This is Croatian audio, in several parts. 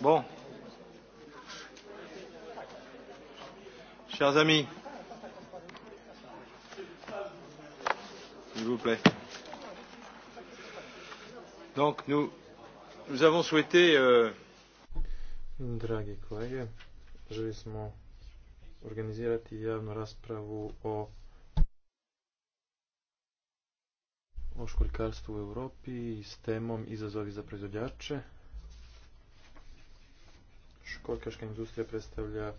Bon. Chers amis, s'il vous plaît. Donc nous, nous avons souhaité... Euh, Dragi kolege, želi smo organizirati javnu raspravu o o školjkarstvu u Europi s temom izazovi za proizvođače. Kokaška industrija predstavlja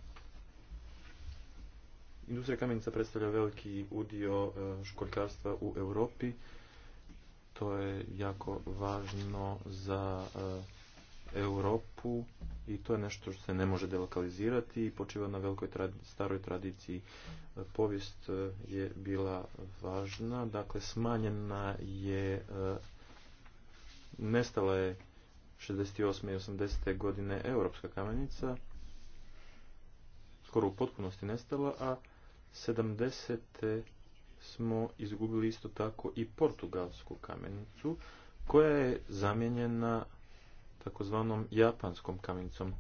Industrija kamenica predstavlja veliki udio e, školjkarstva u Europi. To je jako važno za e, Europu i to je nešto što se ne može delokalizirati i počiva na velikoj staroj tradiciji. E, povijest je bila važna, dakle smanjena je nestala je 68. i 80. godine europska kamenica skoro u potpunosti nestala, a 70. smo izgubili isto tako i portugalsku kamenicu koja je zamijenjena takozvanom japanskom kamenicom.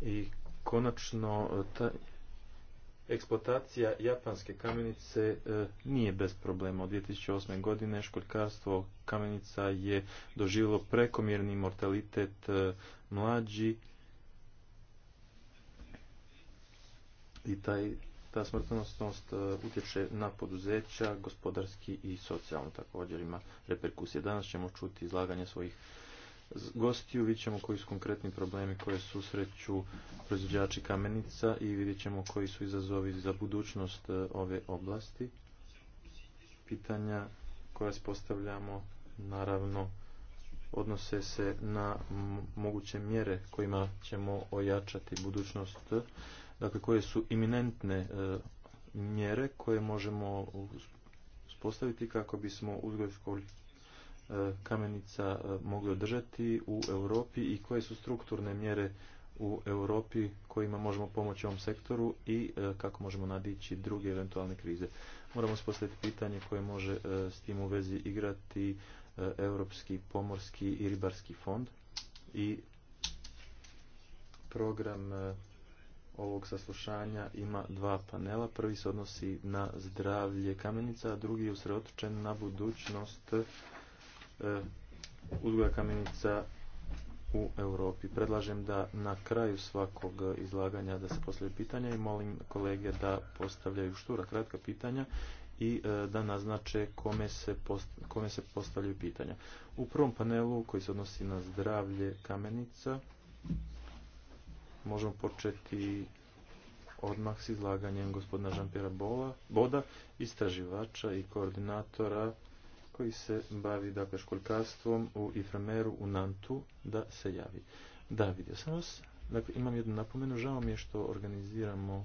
I konačno taj eksploatacija japanske kamenice e, nije bez problema. Od 2008. godine školjkarstvo kamenica je doživjelo prekomjerni mortalitet e, mlađi i taj, ta smrtnostnost e, utječe na poduzeća, gospodarski i socijalno također ima reperkusije. Danas ćemo čuti izlaganje svojih gostiju, vidjet ćemo koji su konkretni problemi koje susreću proizvođači kamenica i vidjet ćemo koji su izazovi za budućnost e, ove oblasti. Pitanja koja se postavljamo naravno odnose se na moguće mjere kojima ćemo ojačati budućnost, dakle koje su iminentne e, mjere koje možemo uspostaviti kako bismo uzgoj E, kamenica e, mogli održati u Europi i koje su strukturne mjere u Europi kojima možemo pomoći ovom sektoru i e, kako možemo nadići druge eventualne krize. Moramo postaviti pitanje koje može s tim u vezi igrati Europski pomorski i ribarski fond i program ovog saslušanja ima dva panela. Prvi se odnosi na zdravlje kamenica, a drugi je usredotočen na budućnost E, uzgoja kamenica u Europi. Predlažem da na kraju svakog izlaganja da se postavljaju pitanja i molim kolege da postavljaju štura kratka pitanja i e, da naznače kome se, kome se postavljaju pitanja. U prvom panelu koji se odnosi na zdravlje kamenica možemo početi odmah s izlaganjem gospodina Žampira Boda, istraživača i koordinatora koji se bavi dakle školjkarstvom u Ifremeru, u Nantu da se javi. Da, vidio sam vas. Dakle, imam jednu napomenu. Žao mi je što organiziramo e,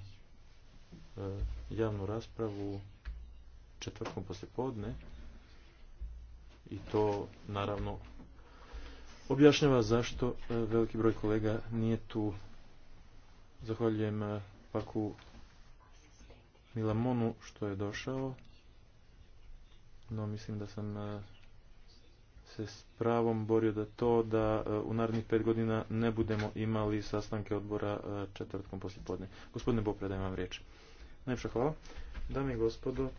javnu raspravu četvrtkom poslijepodne i to naravno objašnjava zašto e, veliki broj kolega nije tu. Zahvaljujem e, Paku Milamonu što je došao no mislim da sam e, se s pravom borio da to da e, u narednih pet godina ne budemo imali sastanke odbora e, četvrtkom poslijepodne. Gospodine Bopre, dajem vam riječ. Najljepša hvala. Dame i gospodo,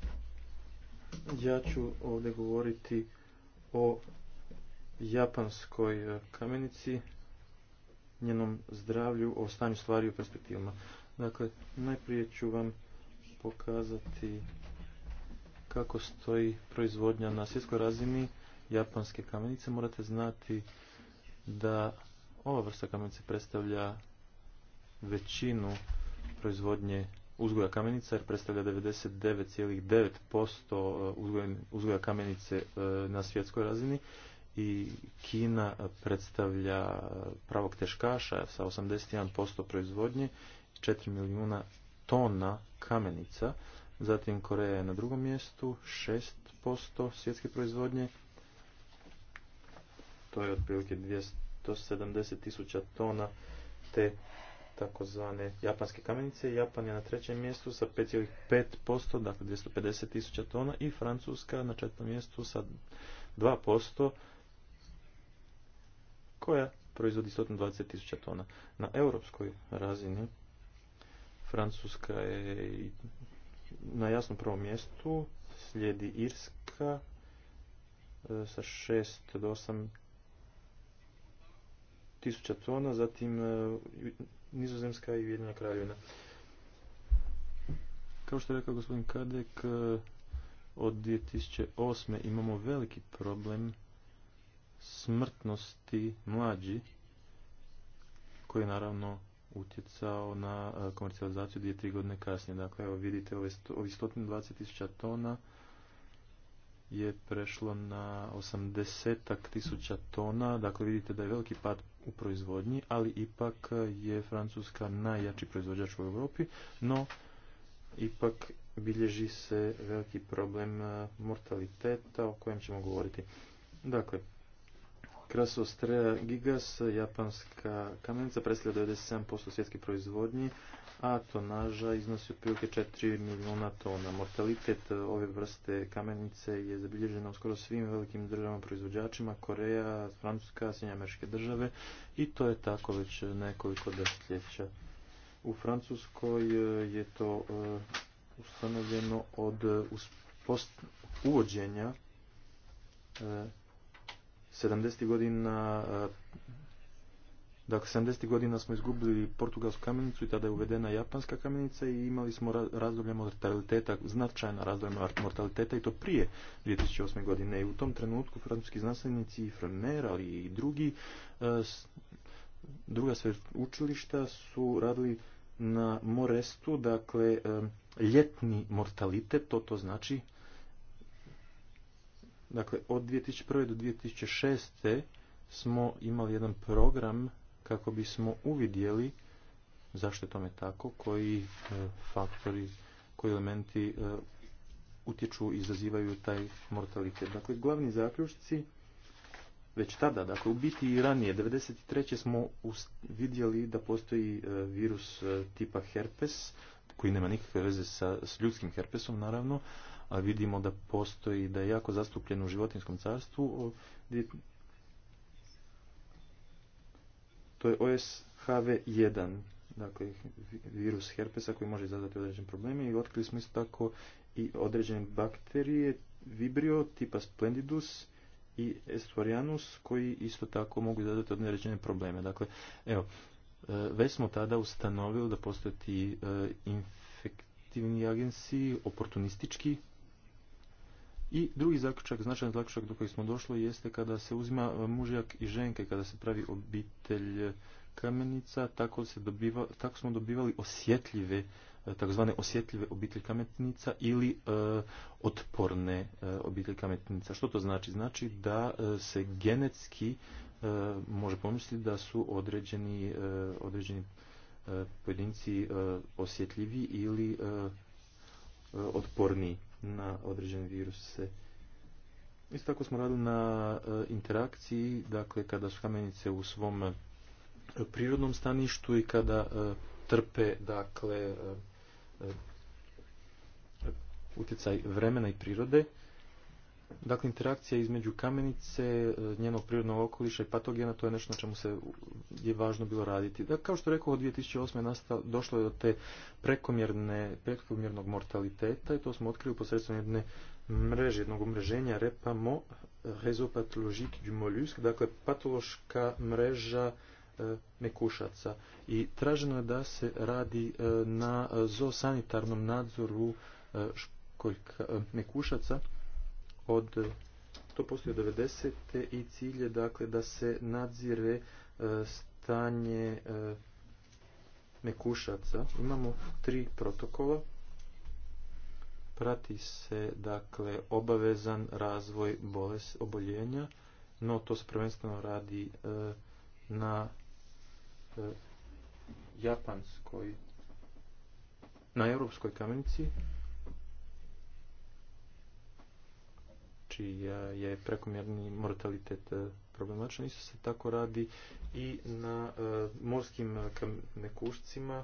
ja ću ovdje govoriti o japanskoj kamenici, njenom zdravlju, o stanju stvari u perspektivama. Dakle, najprije ću vam pokazati kako stoji proizvodnja na svjetskoj razini japanske kamenice, morate znati da ova vrsta kamenice predstavlja većinu proizvodnje uzgoja kamenica jer predstavlja 99,9% eh, uzgoja kamenice eh, na svjetskoj razini i Kina predstavlja eh, pravog teškaša sa 81% proizvodnje 4 milijuna tona kamenica Zatim Koreja je na drugom mjestu, 6% svjetske proizvodnje. To je otprilike 270 tisuća tona te takozvane japanske kamenice. Japan je na trećem mjestu sa 5,5%, dakle 250 tisuća tona i Francuska na četvrtom mjestu sa 2% koja proizvodi 120 tisuća tona. Na europskoj razini Francuska je na jasnom prvom mjestu slijedi Irska e, sa 6 do 8 tisuća tona, zatim e, Nizozemska i Ujedinjena kraljevina. Kao što je rekao gospodin Kadek, e, od 2008. imamo veliki problem smrtnosti mlađi, koji naravno utjecao na e, komercijalizaciju dvije, tri godine kasnije. Dakle, evo vidite, ovi 120.000 tona je prešlo na 80 tisuća tona, dakle vidite da je veliki pad u proizvodnji, ali ipak je Francuska najjači proizvođač u Europi, no ipak bilježi se veliki problem e, mortaliteta o kojem ćemo govoriti. Dakle, Krasostrea gigas, japanska kamenica, predstavlja 97% svjetske proizvodnje, a tonaža iznosi otprilike 4 milijuna tona. Mortalitet ove vrste kamenice je zabilježena u skoro svim velikim državama proizvođačima, Koreja, Francuska, Sjedinje američke države i to je tako već nekoliko desetljeća. U Francuskoj je to e, ustanovljeno od uvođenja e, 70. godina Dakle, 70. godina smo izgubili portugalsku kamenicu i tada je uvedena japanska kamenica i imali smo razdoblje mortaliteta, značajna razdoblje mortaliteta i to prije 2008. godine. I u tom trenutku francuski znanstvenici i Frener, ali i drugi, druga sve učilišta su radili na morestu, dakle, ljetni mortalitet, to to znači Dakle, od 2001. do 2006. smo imali jedan program kako bismo uvidjeli zašto je tome tako, koji e, faktori, koji elementi e, utječu i izazivaju taj mortalitet. Dakle, glavni zaključci već tada, dakle u biti i ranije, 1993. smo vidjeli da postoji e, virus tipa herpes, koji nema nikakve veze sa, s ljudskim herpesom naravno, a vidimo da postoji, da je jako zastupljen u životinskom carstvu. To je OSHV1, dakle virus herpesa koji može izazvati određene probleme i otkrili smo isto tako i određene bakterije, vibrio tipa splendidus i Estuarianus koji isto tako mogu izazvati određene probleme. Dakle, evo, e, već smo tada ustanovili da postoje ti e, infektivni agensi, oportunistički i drugi zaključak, značajan zaključak do kojeg smo došli jeste kada se uzima e, mužjak i ženke, kada se pravi obitelj e, kamenica, tako, se dobiva, tako smo dobivali osjetljive e, takozvane osjetljive obitelj kametnica ili e, otporne obitelj kametnica. Što to znači? Znači da se genetski može pomisliti da su određeni, određeni pojedinci osjetljivi ili otporniji na određen viruse. Isto tako smo radili na e, interakciji, dakle kada su kamenice u svom e, prirodnom staništu i kada e, trpe dakle utjecaj vremena i prirode. Dakle, interakcija između kamenice, e, njenog prirodnog okoliša i patogena, to je nešto na čemu se je važno bilo raditi. Da, kao što rekao, od 2008. Nastav, došlo je do te prekomjerne, prekomjernog mortaliteta i to smo otkrili posredstvom jedne mreže, jednog umreženja repamo Réseau du mollusque, dakle patološka mreža mekušaca. E, I traženo je da se radi e, na zoosanitarnom nadzoru školjka, mekušaca od, to postoje 90. i cilj je dakle da se nadzire e, stanje e, mekušaca. Imamo tri protokola. Prati se dakle obavezan razvoj bolest oboljenja, no to se prvenstveno radi e, na japanskoj na europskoj kamenici Znači, je prekomjerni mortalitet e, problematičan. Isto se tako radi i na e, morskim e, mekušcima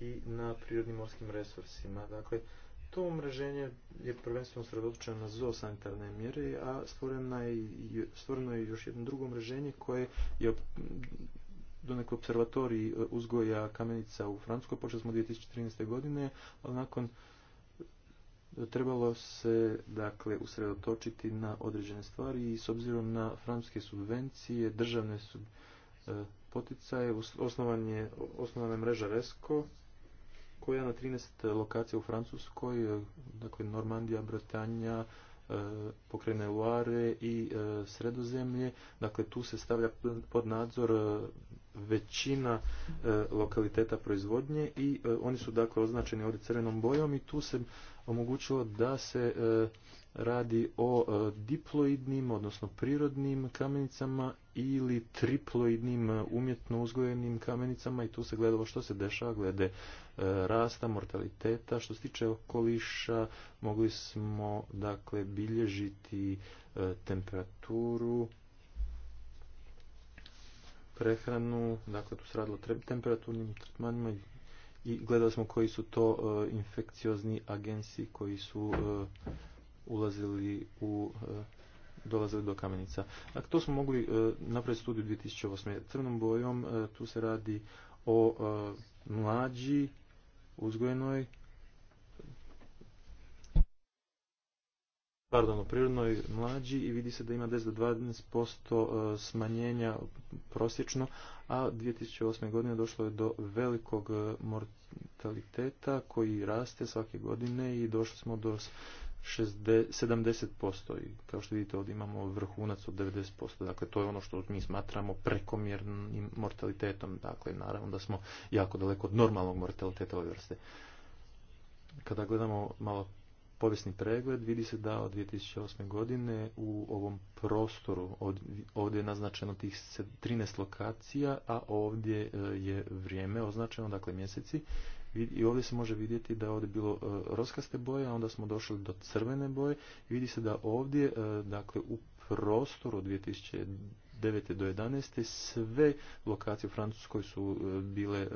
i na prirodnim morskim resursima. Dakle, to umreženje je prvenstveno sredotočeno na zoosanitarne mjere, a stvoreno je, je još jedno drugo umreženje koje je donekle observatorij uzgoja kamenica u Francuskoj. Počeli smo 2013. godine, ali nakon trebalo se dakle usredotočiti na određene stvari i s obzirom na francuske subvencije, državne sub, e, poticaje, osnovana mreža Resco koja na 13 lokacija u Francuskoj, e, dakle Normandija, Bretanja, Pokrene pokrajine Loire i e, Sredozemlje, dakle tu se stavlja pod nadzor većina e, lokaliteta proizvodnje i e, oni su dakle označeni ovdje crvenom bojom i tu se omogućilo da se e, radi o diploidnim, odnosno prirodnim kamenicama ili triploidnim umjetno uzgojenim kamenicama i tu se gledalo što se dešava glede rasta, mortaliteta. Što se tiče okoliša, mogli smo dakle bilježiti temperaturu, prehranu, dakle tu se radilo temperaturnim tretmanima i gledali smo koji su to e, infekciozni agenci koji su e, ulazili u e, dolazili do kamenica. Dakle, to smo mogli napraviti studiju 2008. Crnom bojom tu se radi o mlađi uzgojenoj pardon, u prirodnoj mlađi i vidi se da ima 10 do 12% e, smanjenja prosječno, a 2008. godine došlo je do velikog e, mortaliteta koji raste svake godine i došli smo do 60, 70% i kao što vidite ovdje imamo vrhunac od 90%, dakle to je ono što mi smatramo prekomjernim mortalitetom, dakle naravno da smo jako daleko od normalnog mortaliteta ove vrste. Kada gledamo malo povijesni pregled vidi se da od 2008. godine u ovom prostoru, ovdje je naznačeno tih 13 lokacija, a ovdje e, je vrijeme označeno, dakle mjeseci, i ovdje se može vidjeti da je ovdje bilo e, roskaste boje, a onda smo došli do crvene boje. Vidi se da ovdje, e, dakle u prostoru od 9. do 11. sve lokacije u Francuskoj su e, bile e,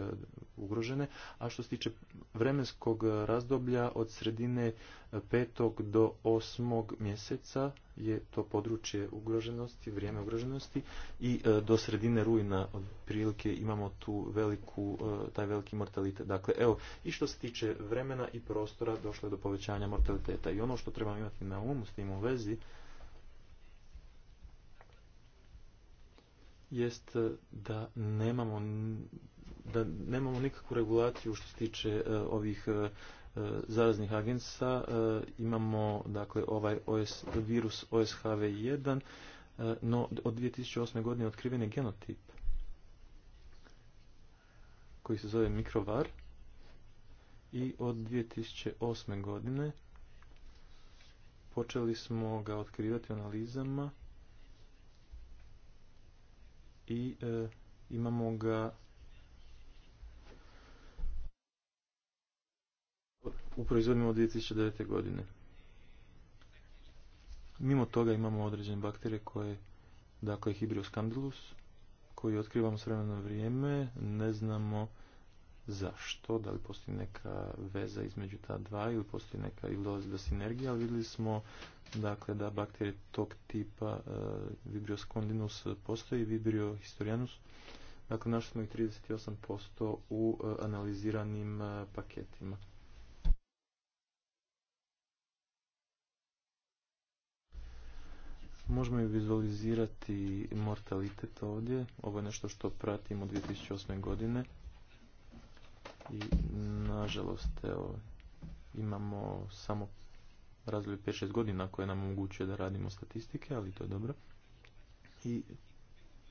ugrožene, a što se tiče vremenskog razdoblja od sredine 5. E, do 8. mjeseca je to područje ugroženosti, vrijeme ugroženosti i do sredine rujna prilike, imamo tu veliku, taj veliki mortalitet. Dakle, evo, i što se tiče vremena i prostora došlo je do povećanja mortaliteta i ono što trebamo imati na umu s tim u vezi jest e, da nemamo da nemamo nikakvu regulaciju što se tiče e, ovih e, zaraznih agensa. Imamo dakle ovaj OS, virus OSHV1, no od 2008. godine otkriven je genotip koji se zove mikrovar i od 2008. godine počeli smo ga otkrivati analizama i e, imamo ga u proizvodnju od 2009. godine. Mimo toga imamo određene bakterije koje, dakle, hibrioscandilus, koji otkrivamo s vremena vrijeme, ne znamo zašto, da li postoji neka veza između ta dva ili postoji neka ili dolazi ali vidjeli smo dakle, da bakterije tog tipa e, Vibrio scondinus postoji, Vibrio historianus, dakle našli smo ih 38% u e, analiziranim e, paketima. Možemo i vizualizirati mortalitet ovdje. Ovo je nešto što pratimo 2008. godine. I nažalost, evo, imamo samo razdoblje 5-6 godina koje nam omogućuje da radimo statistike, ali to je dobro. I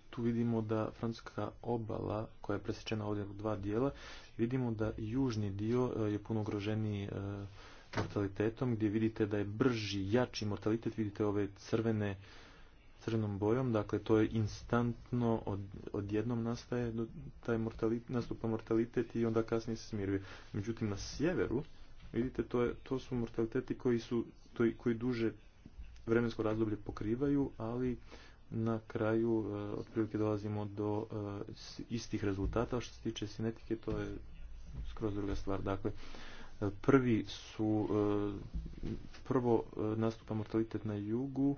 tu vidimo da francuska obala koja je presječena ovdje u dva dijela, vidimo da južni dio e, je puno ugroženiji e, mortalitetom, gdje vidite da je brži, jači mortalitet, vidite ove crvene crnom bojom, dakle to je instantno, od, odjednom nastaje taj nastupa mortalitet i onda kasnije se smiruje. Međutim, na sjeveru, vidite, to, je, to su mortaliteti koji, su, to, koji duže vremensko razdoblje pokrivaju, ali na kraju e, otprilike dolazimo do e, istih rezultata. Što se tiče sinetike, to je skroz druga stvar. Dakle, e, prvi su, e, prvo nastupa mortalitet na jugu,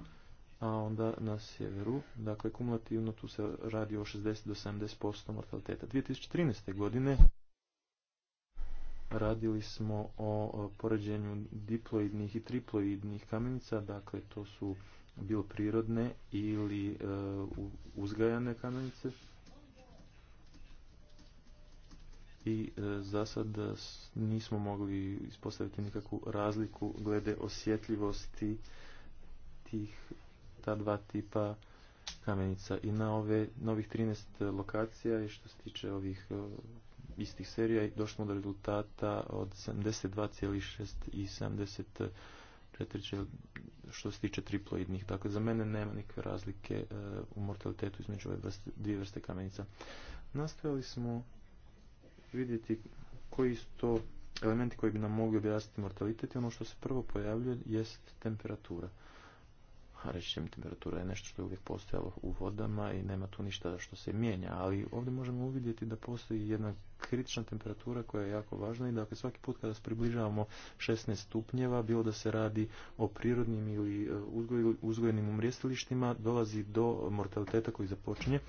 a onda na sjeveru, dakle kumulativno tu se radi o 60 do 70% mortaliteta. 2013. godine radili smo o poređenju diploidnih i triploidnih kamenica, dakle to su bilo prirodne ili e, uzgajane kamenice. I e, za sad nismo mogli ispostaviti nikakvu razliku glede osjetljivosti tih ta dva tipa kamenica i na ove novih 13 lokacija i što se tiče ovih e, istih serija došli smo do rezultata od 72,6 i 74 što se tiče triploidnih. Dakle, za mene nema nikakve razlike e, u mortalitetu između ove dvije vrste kamenica. Nastojali smo vidjeti koji su to elementi koji bi nam mogli objasniti mortalitet i ono što se prvo pojavljuje jest temperatura reći ćemo temperatura je nešto što je uvijek postojalo u vodama i nema tu ništa što se mijenja, ali ovdje možemo uvidjeti da postoji jedna kritična temperatura koja je jako važna i da dakle, svaki put kada se približavamo 16 stupnjeva, bilo da se radi o prirodnim ili e, uzgojenim umrijestilištima, dolazi do mortaliteta koji započinje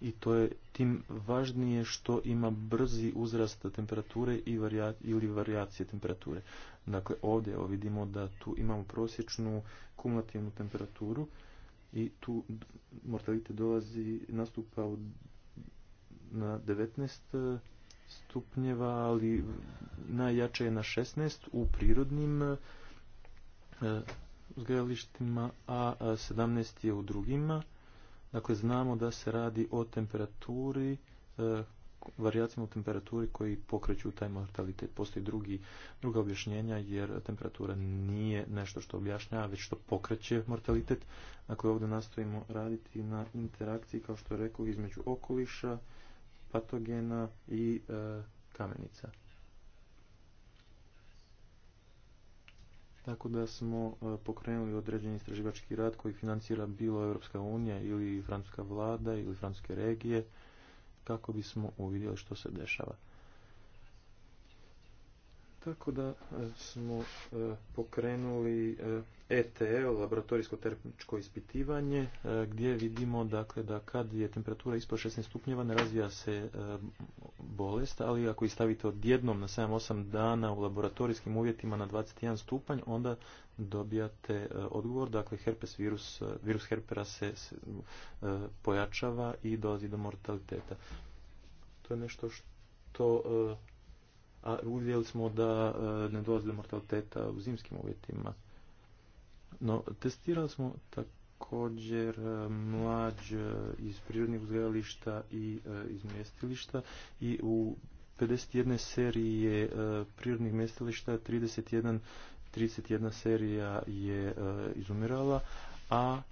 i to je tim važnije što ima brzi uzrast temperature i ili varijacije temperature. Dakle, ovdje vidimo da tu imamo prosječnu kumulativnu temperaturu i tu mortalite dolazi, nastupa na 19 e, stupnjeva, ali najjače je na 16 u prirodnim e, zgalištima, a 17 je u drugima. Dakle, znamo da se radi o temperaturi e, varijacijama u temperaturi koji pokreću taj mortalitet. Postoji drugi, druga objašnjenja jer temperatura nije nešto što objašnjava, već što pokreće mortalitet. Dakle, ovdje nastojimo raditi na interakciji, kao što je rekao, između okoliša, patogena i e, kamenica. Tako da smo e, pokrenuli određeni istraživački rad koji financira bilo Europska unija ili francuska vlada ili francuske regije kako bismo uvidjeli što se dešava. Tako da e, smo e, pokrenuli ETL, e laboratorijsko termičko ispitivanje, gdje vidimo dakle, da kad je temperatura ispod 16 stupnjeva ne razvija se bolest, ali ako ih stavite odjednom na 7-8 dana u laboratorijskim uvjetima na 21 stupanj, onda dobijate odgovor, dakle herpes virus, virus herpera se pojačava i dolazi do mortaliteta. To je nešto što a uvidjeli smo da e, ne dolazi do mortaliteta u zimskim uvjetima. No, testirali smo također e, mlađ e, iz prirodnih uzgajališta i iz mjestilišta i u 51 serije prirodnih mjestilišta 31 31 serija je izumirala, a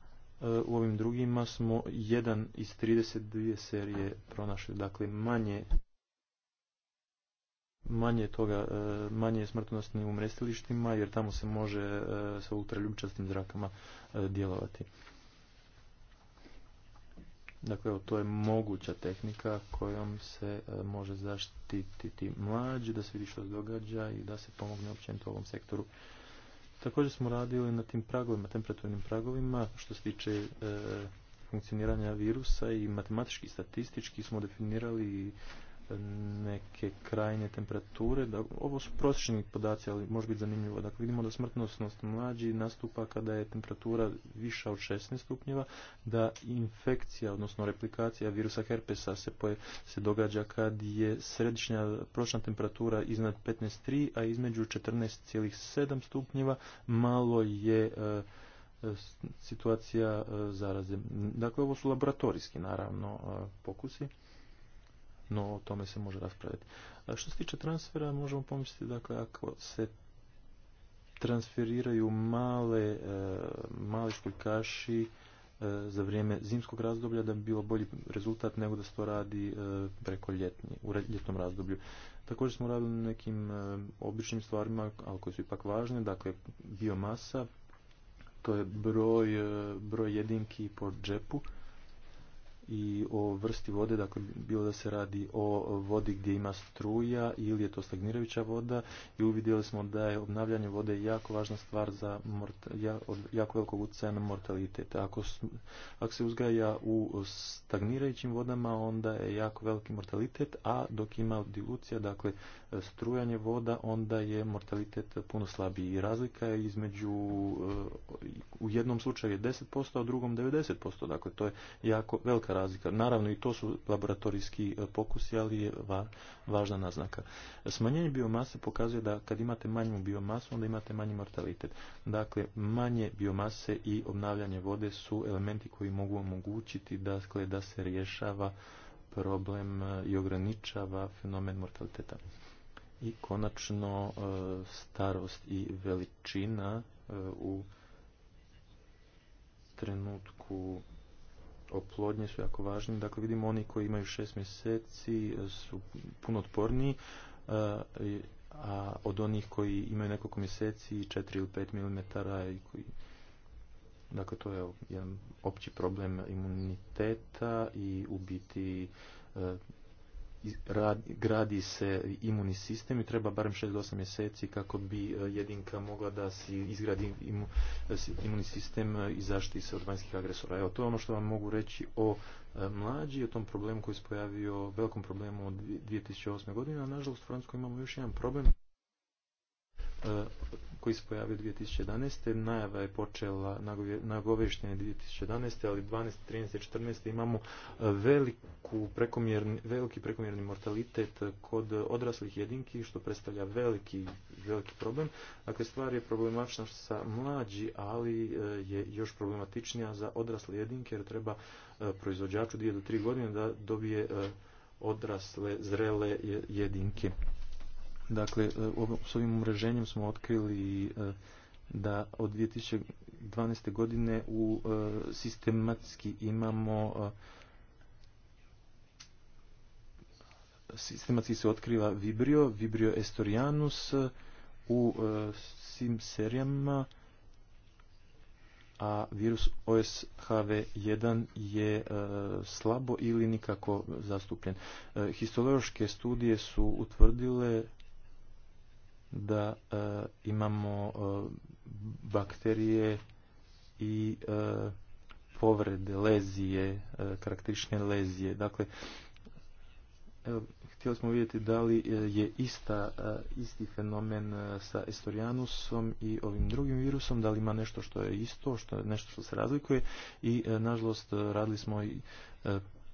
u ovim drugima smo jedan iz 32 serije pronašli, dakle manje manje toga, e, manje je u jer tamo se može e, sa ultraljubčastim zrakama e, djelovati. Dakle, to je moguća tehnika kojom se može zaštititi mlađi, da se vidi što se događa i da se pomogne općenito ovom sektoru. Također smo radili na tim pragovima, temperaturnim pragovima, što se tiče funkcioniranja virusa i matematički, statistički smo definirali i neke krajnje temperature. Da, ovo su prosječni podaci, ali može biti zanimljivo. Dakle, vidimo da smrtnost mlađi nastupa kada je temperatura viša od 16 stupnjeva, da infekcija, odnosno replikacija virusa herpesa se, poje, se događa kad je središnja prosječna temperatura iznad 15.3, a između 14,7 stupnjeva malo je e, e, situacija e, zaraze. Dakle, ovo su laboratorijski, naravno, pokusi no o tome se može raspraviti. A što se tiče transfera, možemo pomisliti, dakle, ako se transferiraju male, e, mali školjkaši e, za vrijeme zimskog razdoblja da bi bilo bolji rezultat nego da se to radi e, preko ljetni, u ljetnom razdoblju. Također smo radili na nekim običnim stvarima, ali koje su ipak važne, dakle biomasa, to je broj, broj jedinki po džepu, i o vrsti vode, dakle bilo da se radi o vodi gdje ima struja ili je to stagnirajuća voda i uvidjeli smo da je obnavljanje vode jako važna stvar za jako velikog utjecaja na mortalitet. Ako, ako se uzgaja u stagnirajućim vodama onda je jako veliki mortalitet, a dok ima dilucija, dakle strujanje voda, onda je mortalitet puno slabiji. I razlika je između, e, u jednom slučaju je 10%, a u drugom 90%. Dakle, to je jako velika razlika. Naravno, i to su laboratorijski e, pokusi, ali je važna naznaka. Smanjenje biomase pokazuje da kad imate manju biomasu, onda imate manji mortalitet. Dakle, manje biomase i obnavljanje vode su elementi koji mogu omogućiti dakle, da se rješava problem e, i ograničava fenomen mortaliteta i konačno e, starost i veličina e, u trenutku oplodnje su jako važni. Dakle, vidimo oni koji imaju šest mjeseci e, su puno otporniji, a od onih koji imaju nekoliko mjeseci 4 ili pet mm Dakle, to je jedan opći problem imuniteta i u biti gradi se imunni sistem i treba barem 6 do 8 mjeseci kako bi e, jedinka mogla da si izgradi e, imunni sistem e, i zaštiti se od vanjskih agresora. Evo, to je ono što vam mogu reći o mlađi, o tom problemu koji se pojavio, velikom problemu od 2008. godine, a nažalost u Francuskoj imamo još jedan problem. E, koji se pojavio 2011. Najava je počela na tisuće 2011. ali 12, 13, 14. imamo e, veliku veliki prekomjerni mortalitet kod odraslih jedinki što predstavlja veliki, problem. Dakle, stvar je problematična sa mlađi, ali e, je još problematičnija za odrasle jedinke jer treba proizvođaču 2 do 3 godine da dobije odrasle, zrele jedinke. Dakle, e, s ovim umreženjem smo otkrili e, da od 2012. godine u e, sistematski imamo sistematski se otkriva Vibrio, Vibrio Estorianus u svim serijama a virus OSHV1 je slabo ili nikako zastupljen. Histološke studije su utvrdile da e, imamo e, bakterije i e, povrede, lezije, karakterične lezije. Dakle, htjeli smo vidjeti da li je ista, isti fenomen sa estorianusom i ovim drugim virusom, da li ima nešto što je isto, što, nešto što se razlikuje i nažalost radili smo i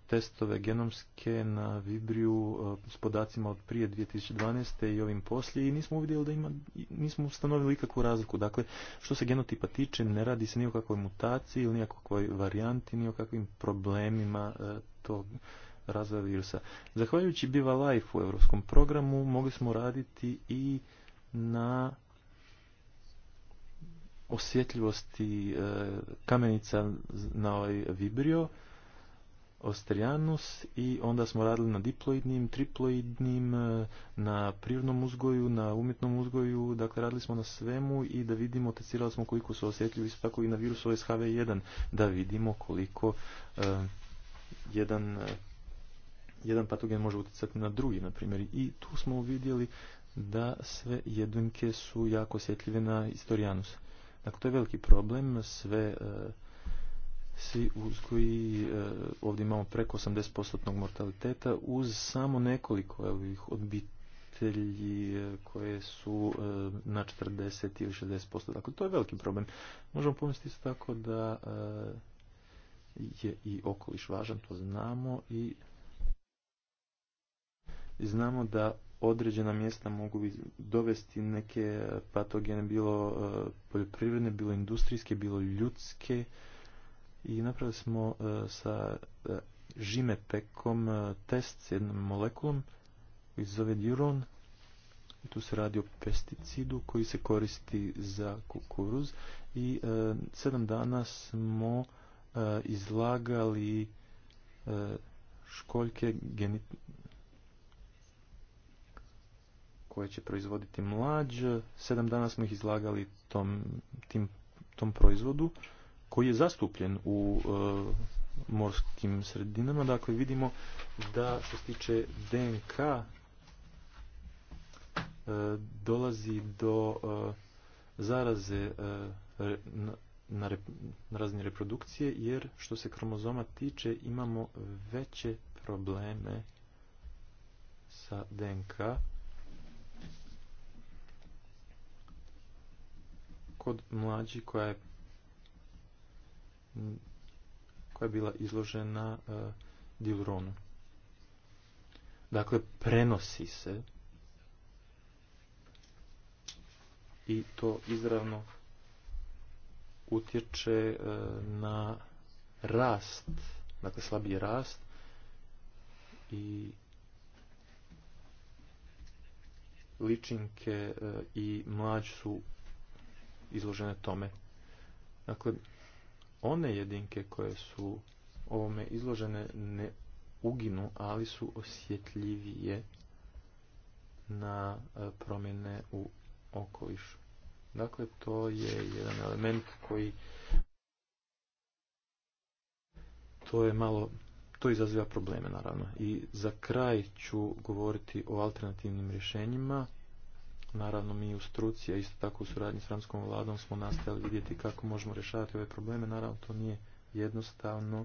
testove genomske na Vibriju eh, s podacima od prije 2012. i ovim poslije i nismo uvidjeli da ima, nismo ustanovili ikakvu razliku. Dakle, što se genotipa tiče, ne radi se ni o kakvoj mutaciji ili nijakakvoj varijanti, ni o kakvim problemima eh, tog razvoja virusa. Zahvaljujući Biva Life u europskom programu mogli smo raditi i na osjetljivosti eh, kamenica na ovaj vibrio ostrianus i onda smo radili na diploidnim, triploidnim, e, na prirodnom uzgoju, na umjetnom uzgoju, dakle radili smo na svemu i da vidimo, testirali smo koliko su osjetljivi, isto tako i na virus OSHV1, da vidimo koliko e, jedan, e, jedan patogen može utjecati na drugi, na primjer. I tu smo vidjeli da sve jedinke su jako osjetljive na istorijanus. Dakle, to je veliki problem, sve svi uzgoji, e, ovdje imamo preko 80% mortaliteta uz samo nekoliko ovih obitelji e, koje su e, na 40 ili 60%. Dakle, to je veliki problem. Možemo pomisliti isto tako da je i okoliš važan, to znamo i znamo da određena mjesta mogu dovesti neke patogene, bilo poljoprivredne, bilo industrijske, bilo ljudske, i napravili smo e, sa e, žimepekom e, test s jednom molekulom koji se zove diuron. Tu se radi o pesticidu koji se koristi za kukuruz i sedam dana smo izlagali školjke koje će proizvoditi mlađ. Sedam dana smo ih izlagali tom, tom proizvodu koji je zastupljen u e, morskim sredinama. Dakle, vidimo da što se tiče DNK e, dolazi do e, zaraze na razne reprodukcije, jer što se kromozoma tiče imamo veće probleme sa DNK kod mlađi koja je koja je bila izložena e, diluronu. Dakle, prenosi se i to izravno utječe e, na rast, dakle slabiji rast i ličinke e, i mlađ su izložene tome. Dakle, one jedinke koje su ovome izložene ne uginu, ali su osjetljivije na e, promjene u okolišu. Dakle, to je jedan element koji to je malo to izaziva probleme naravno. I za kraj ću govoriti o alternativnim rješenjima Naravno, mi u struci, a isto tako u suradnji s ramskom vladom smo nastali vidjeti kako možemo rješavati ove probleme. Naravno, to nije jednostavno,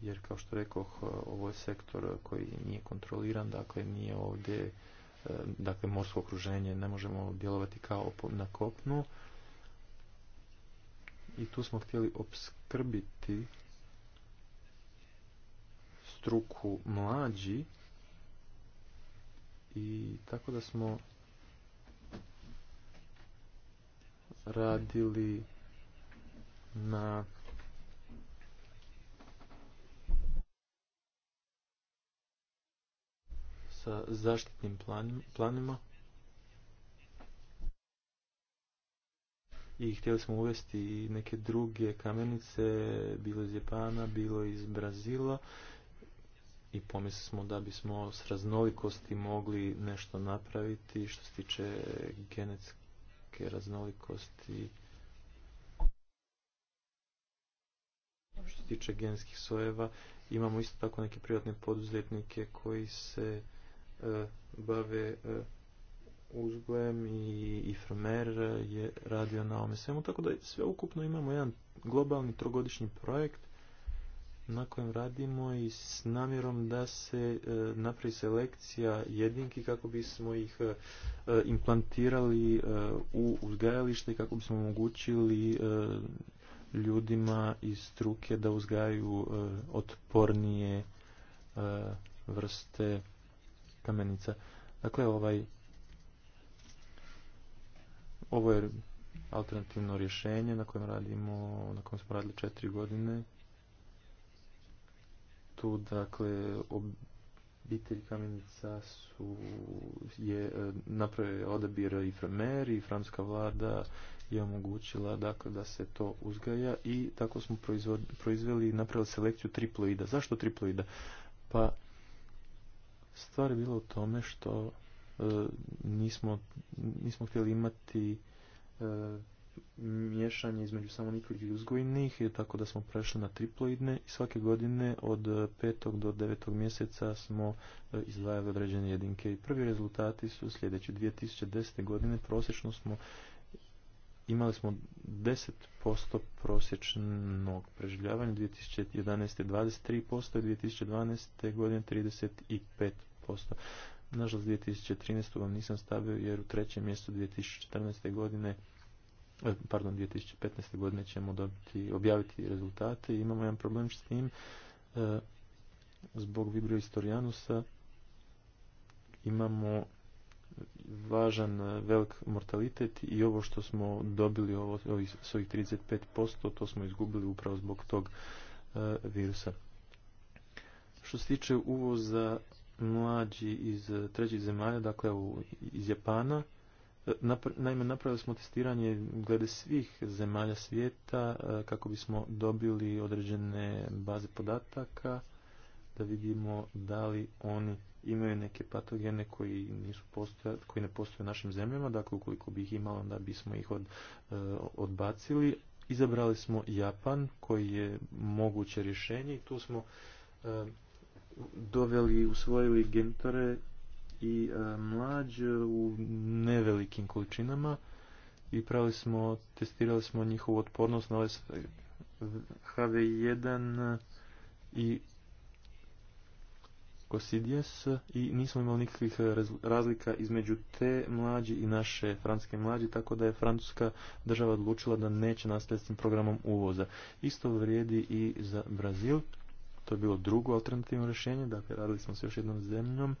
jer kao što rekao, ovo je sektor koji nije kontroliran, dakle nije ovdje, e, dakle morsko okruženje, ne možemo djelovati kao na kopnu. I tu smo htjeli opskrbiti struku mlađi i tako da smo radili na sa zaštitnim planima i htjeli smo uvesti i neke druge kamenice, bilo iz Japana, bilo iz Brazila i pomislili smo da bismo s raznolikosti mogli nešto napraviti što se tiče genetske biološke raznolikosti. Što se tiče genskih sojeva, imamo isto tako neke privatne poduzetnike koji se e, bave e, uzgojem i, i je radio na ovome svemu, tako da sve ukupno imamo jedan globalni trogodišnji projekt na kojem radimo i s namjerom da se e, napravi selekcija jedinki kako bismo ih e, implantirali e, u uzgajalište i kako bismo omogućili ljudima iz struke da uzgajaju otpornije vrste kamenica. Dakle, ovaj ovo je alternativno rješenje na kojem radimo, na kojem smo radili četiri godine tu dakle obitelj Kamenica su je e, napravio odabir i Fremer i francuska vlada je omogućila dakle da se to uzgaja i tako smo proizveli i napravili selekciju triploida. Zašto triploida? Pa stvar je bila u tome što e, nismo, nismo htjeli imati e, miješanje između samoniklih i uzgojnih, tako da smo prešli na triploidne i svake godine od petog do devetog mjeseca smo e, izdvajali određene jedinke. I prvi rezultati su sljedeći. 2010. godine prosječno smo imali smo 10% prosječnog preživljavanja, 2011. 23%, 2012. godine 35%. Nažalost, 2013. vam nisam stavio jer u trećem mjestu 2014. godine E, pardon, 2015. godine ćemo dobiti, objaviti rezultate i imamo jedan problem s tim e, zbog Vibrio historianusa imamo važan e, velik mortalitet i ovo što smo dobili ovo, ovih, s ovih 35% to smo izgubili upravo zbog tog virusa. Što se tiče uvoza mlađi iz trećih zemalja, dakle iz Japana, Naime, napravili smo testiranje glede svih zemalja svijeta e, kako bismo dobili određene baze podataka da vidimo da li oni imaju neke patogene koji, nisu koji ne postoje u našim zemljama. Dakle, ukoliko bi ih imali, onda bismo ih od, e, odbacili. Izabrali smo Japan koji je moguće rješenje i tu smo e, doveli, usvojili gentore i e, mlađ u nevelikim količinama i pravili smo, testirali smo njihovu otpornost na HV1 i Kosidijes i nismo imali nikakvih razlika između te mlađi i naše francuske mlađi, tako da je francuska država odlučila da neće nastaviti s tim programom uvoza. Isto vrijedi i za Brazil, to je bilo drugo alternativno rješenje, dakle radili smo se još jednom zemljom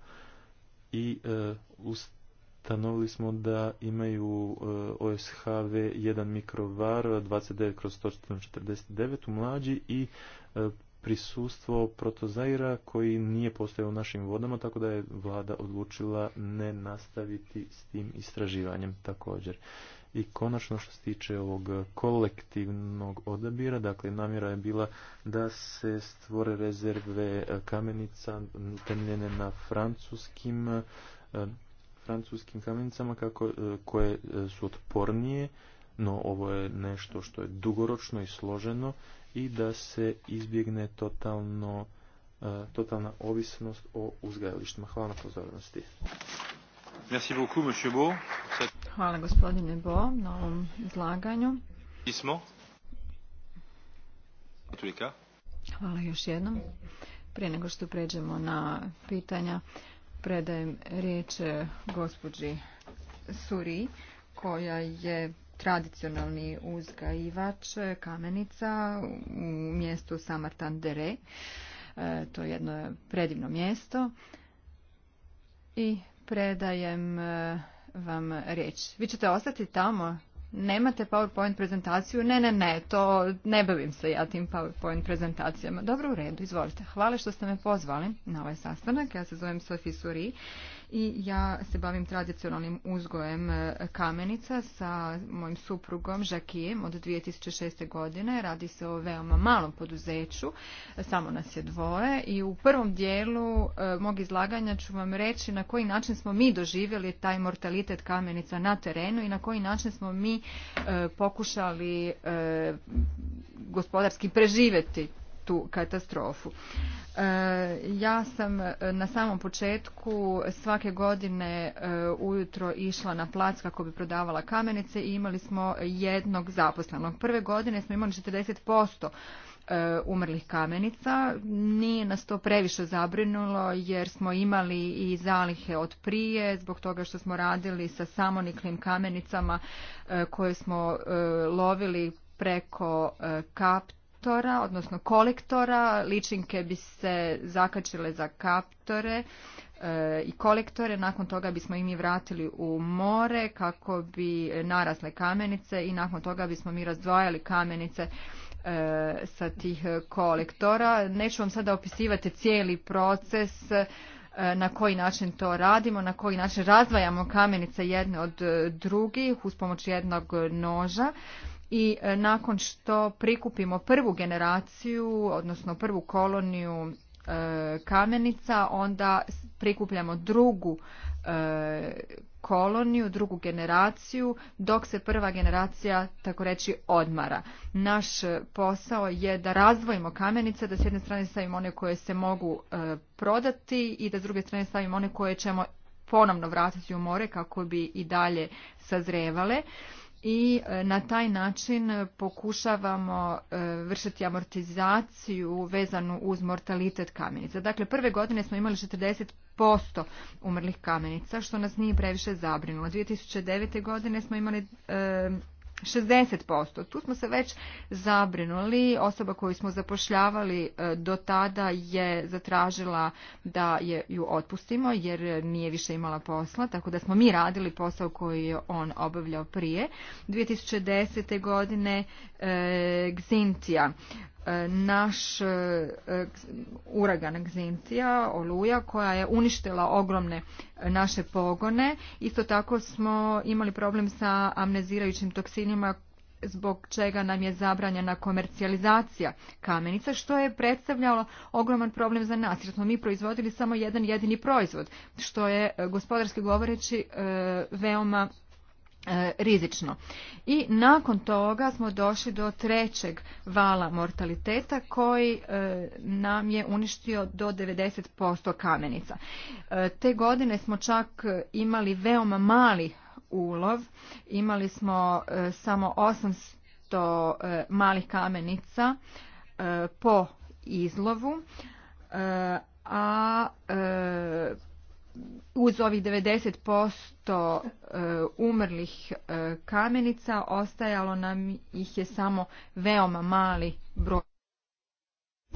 i e, ustanovili smo da imaju e, OSHV 1 mikrovar 29 kroz 149 u mlađi i e, prisustvo protozaira koji nije postojao u našim vodama, tako da je vlada odlučila ne nastaviti s tim istraživanjem također. I konačno što se tiče ovog kolektivnog odabira, dakle namjera je bila da se stvore rezerve kamenica temeljene na francuskim eh, francuskim kamenicama kako, eh, koje eh, su otpornije, no ovo je nešto što je dugoročno i složeno i da se izbjegne totalno, totalna ovisnost o uzgajalištima. Hvala na pozornosti. Hvala gospodine Bo na ovom izlaganju. Hvala još jednom. Prije nego što pređemo na pitanja, predajem riječ e, gospođi Suri, koja je tradicionalni uzgajivač e, kamenica u mjestu Samartandere. to je jedno predivno mjesto. I predajem e, vam riječ. Vi ćete ostati tamo? Nemate PowerPoint prezentaciju? Ne, ne, ne, to ne bavim se ja tim PowerPoint prezentacijama. Dobro, u redu, izvolite. Hvala što ste me pozvali na ovaj sastanak. Ja se zovem Sofi Suri i ja se bavim tradicionalnim uzgojem e, kamenica sa mojim suprugom Žakijem od 2006. godine. Radi se o veoma malom poduzeću, samo nas je dvoje i u prvom dijelu e, mog izlaganja ću vam reći na koji način smo mi doživjeli taj mortalitet kamenica na terenu i na koji način smo mi e, pokušali gospodarski preživjeti tu katastrofu. E, ja sam e, na samom početku svake godine e, ujutro išla na plac kako bi prodavala kamenice i imali smo jednog zaposlenog. Prve godine smo imali 40% umrlih kamenica. Nije nas to previše zabrinulo jer smo imali i zalihe od prije zbog toga što smo radili sa samoniklim kamenicama koje smo lovili preko kap odnosno kolektora. Ličinke bi se zakačile za kaptore e, i kolektore. Nakon toga bismo i mi vratili u more kako bi narasle kamenice i nakon toga bismo mi razdvajali kamenice e, sa tih kolektora. Neću vam sada opisivati cijeli proces e, na koji način to radimo, na koji način razdvajamo kamenice jedne od drugih uz pomoć jednog noža i e, nakon što prikupimo prvu generaciju, odnosno prvu koloniju e, kamenica, onda prikupljamo drugu e, koloniju, drugu generaciju, dok se prva generacija, tako reći, odmara. Naš posao je da razvojimo kamenice, da s jedne strane stavimo one koje se mogu prodati i da s druge strane stavimo one koje ćemo ponovno vratiti u more kako bi i dalje sazrevale i e, na taj način pokušavamo e, vršiti amortizaciju vezanu uz mortalitet kamenica. Dakle, prve godine smo imali 40% umrlih kamenica, što nas nije previše zabrinulo. 2009. godine smo imali e, 60%. Tu smo se već zabrinuli. Osoba koju smo zapošljavali e, do tada je zatražila da je ju otpustimo jer nije više imala posla, tako da smo mi radili posao koji je on obavljao prije. 2010. godine e, naš e, uragan Gzincija, Oluja, koja je uništila ogromne naše pogone. Isto tako smo imali problem sa amnezirajućim toksinima zbog čega nam je zabranjena komercijalizacija kamenica, što je predstavljalo ogroman problem za nas, jer smo mi proizvodili samo jedan jedini proizvod, što je e, gospodarski govoreći e, veoma E, rizično. I nakon toga smo došli do trećeg vala mortaliteta koji e, nam je uništio do 90% kamenica. E, te godine smo čak imali veoma mali ulov, imali smo samo 800 malih kamenica po izlovu, a uz ovih 90% e, umrlih e, kamenica ostajalo nam ih je samo veoma mali broj.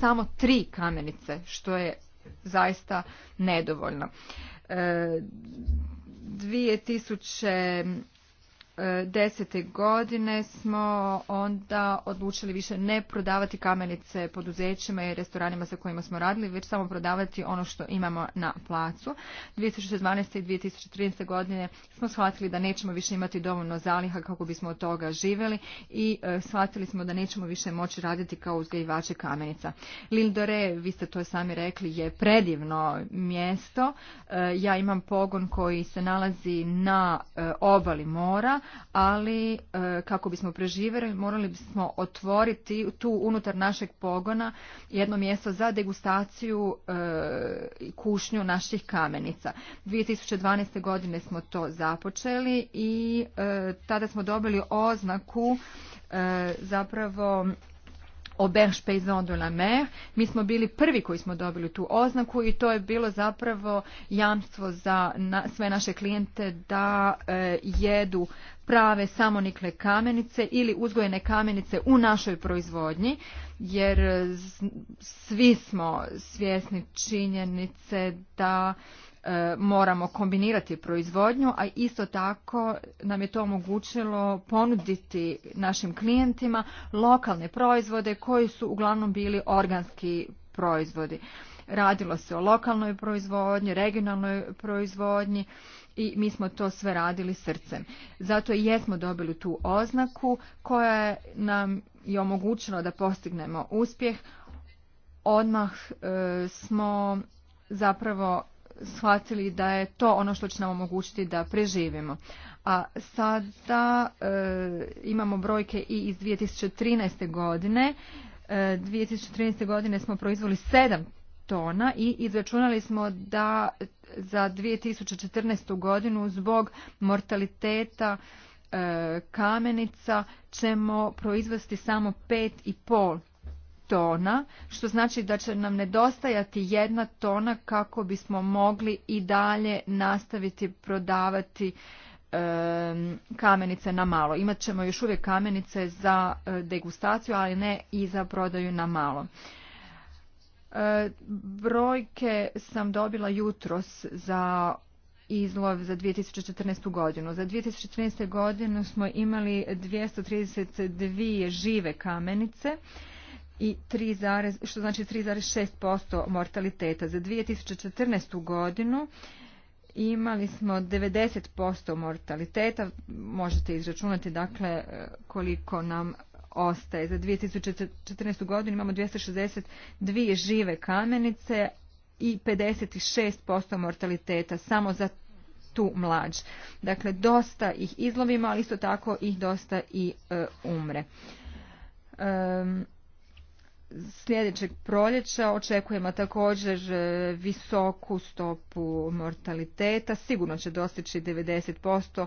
Samo tri kamenice, što je zaista nedovoljno. 2000 e, 2010. godine smo onda odlučili više ne prodavati kamenice poduzećima i restoranima sa kojima smo radili, već samo prodavati ono što imamo na placu. 2012. i 2013. godine smo shvatili da nećemo više imati dovoljno zaliha kako bismo od toga živjeli i e, shvatili smo da nećemo više moći raditi kao uzgajivače kamenica. Lildore, vi ste to sami rekli, je predivno mjesto. E, ja imam pogon koji se nalazi na e, obali mora ali e, kako bismo preživjeli morali bismo otvoriti tu unutar našeg pogona jedno mjesto za degustaciju e, i kušnju naših kamenica. 2012. godine smo to započeli i e, tada smo dobili oznaku zapravo Auberge Paysan de la Mer. Mi smo bili prvi koji smo dobili tu oznaku i to je bilo zapravo jamstvo za sve naše klijente da jedu prave samonikle kamenice ili uzgojene kamenice u našoj proizvodnji jer e, svi smo svjesni činjenice da e, moramo kombinirati proizvodnju, a isto tako nam je to omogućilo ponuditi našim klijentima lokalne proizvode koji su uglavnom bili organski proizvodi. Radilo se o lokalnoj proizvodnji, regionalnoj proizvodnji i mi smo to sve radili srcem. Zato i jesmo dobili tu oznaku koja nam je omogućila da postignemo uspjeh. Odmah e, smo zapravo shvatili da je to ono što će nam omogućiti da preživimo. A sada e, imamo brojke i iz 2013. godine. E, 2013. godine smo proizvoli sedam tona i izračunali smo da za 2014. godinu zbog mortaliteta e, kamenica ćemo proizvesti samo 5,5 tona, što znači da će nam nedostajati jedna tona kako bismo mogli i dalje nastaviti prodavati e, kamenice na malo. Imat ćemo još uvijek kamenice za e, degustaciju, ali ne i za prodaju na malo. E, brojke sam dobila jutros za izlov za 2014. godinu. Za 2014. godinu smo imali 232 žive kamenice i 3, što znači 3,6% mortaliteta. Za 2014. godinu imali smo 90% mortaliteta. Možete izračunati dakle koliko nam ostaje. Za 2014. godinu imamo 262 žive kamenice i 56% mortaliteta samo za tu mlađ. Dakle, dosta ih izlovimo, ali isto tako ih dosta i e, umre. sljedećeg proljeća očekujemo također e, visoku stopu mortaliteta. Sigurno će dostići 90%,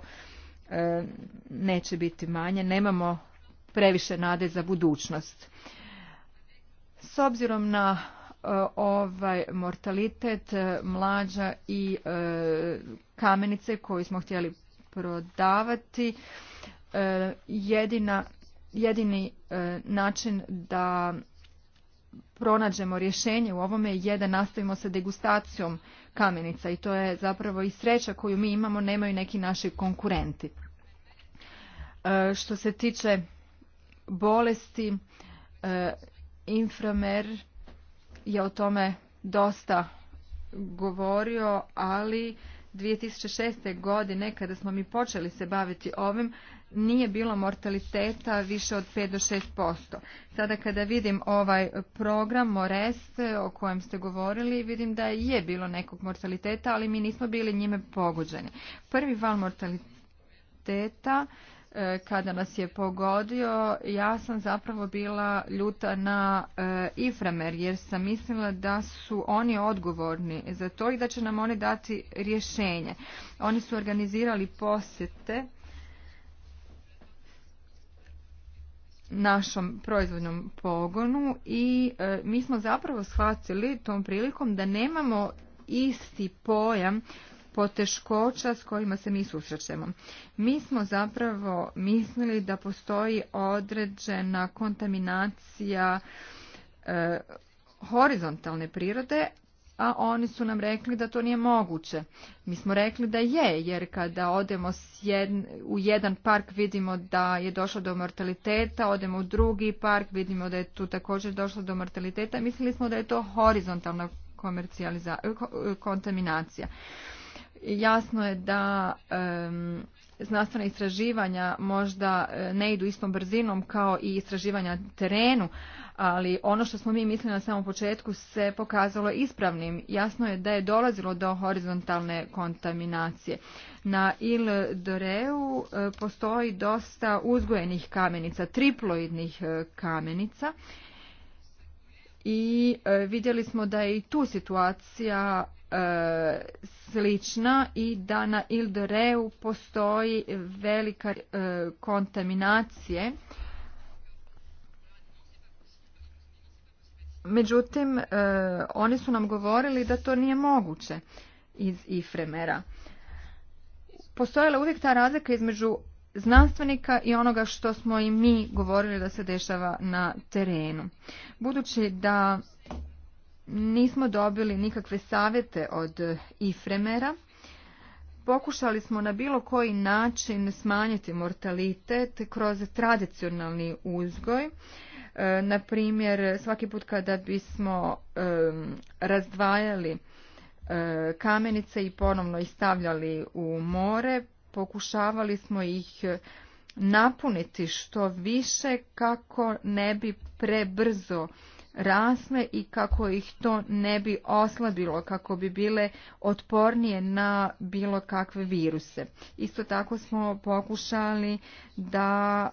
e, neće biti manje. Nemamo previše nade za budućnost. S obzirom na e, ovaj mortalitet e, mlađa i e, kamenice koju smo htjeli prodavati jedina, jedini način da pronađemo rješenje u ovome je da nastavimo sa degustacijom kamenica i to je zapravo i sreća koju mi imamo nemaju neki naši konkurenti. Što se tiče bolesti. E, inframer je o tome dosta govorio, ali 2006. godine kada smo mi počeli se baviti ovim nije bilo mortaliteta više od 5 do 6%. Sada kada vidim ovaj program Morest o kojem ste govorili, vidim da je bilo nekog mortaliteta, ali mi nismo bili njime pogođeni. Prvi val mortaliteta E, kada nas je pogodio, ja sam zapravo bila ljuta na e, Iframer jer sam mislila da su oni odgovorni za to i da će nam oni dati rješenje. Oni su organizirali posjete našom proizvodnom pogonu i e, mi smo zapravo shvatili tom prilikom da nemamo isti pojam poteškoća s kojima se mi susrećemo. Mi smo zapravo mislili da postoji određena kontaminacija e, horizontalne prirode, a oni su nam rekli da to nije moguće. Mi smo rekli da je, jer kada odemo u jedan park vidimo da je došlo do mortaliteta, odemo u drugi park vidimo da je tu također došlo do mortaliteta, mislili smo da je to horizontalna kontaminacija. Jasno je da znanstvena istraživanja možda e, ne idu istom brzinom kao i istraživanja terenu, ali ono što smo mi mislili na samom početku se pokazalo ispravnim. Jasno je da je dolazilo do horizontalne kontaminacije. Na Il Doreu e, postoji dosta uzgojenih kamenica, triploidnih e, kamenica i vidjeli smo da je i tu situacija E, slična i da na Ildoreu postoji velika e, kontaminacije. Međutim, e, oni su nam govorili da to nije moguće iz Ifremera. Postojala uvijek ta razlika između znanstvenika i onoga što smo i mi govorili da se dešava na terenu. Budući da nismo dobili nikakve savjete od Ifremera. Pokušali smo na bilo koji način smanjiti mortalitet kroz tradicionalni uzgoj. E, na primjer, svaki put kada bismo e, razdvajali e, kamenice i ponovno ih stavljali u more, pokušavali smo ih napuniti što više kako ne bi prebrzo rasle i kako ih to ne bi oslabilo, kako bi bile otpornije na bilo kakve viruse. Isto tako smo pokušali da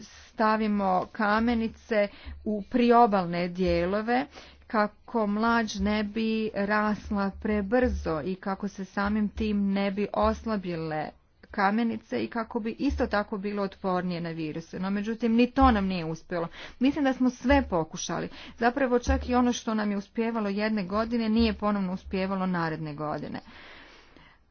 stavimo kamenice u priobalne dijelove kako mlađ ne bi rasla prebrzo i kako se samim tim ne bi oslabile kamenice i kako bi isto tako bilo otpornije na viruse. No, međutim, ni to nam nije uspjelo. Mislim da smo sve pokušali. Zapravo čak i ono što nam je uspjevalo jedne godine nije ponovno uspjevalo naredne godine.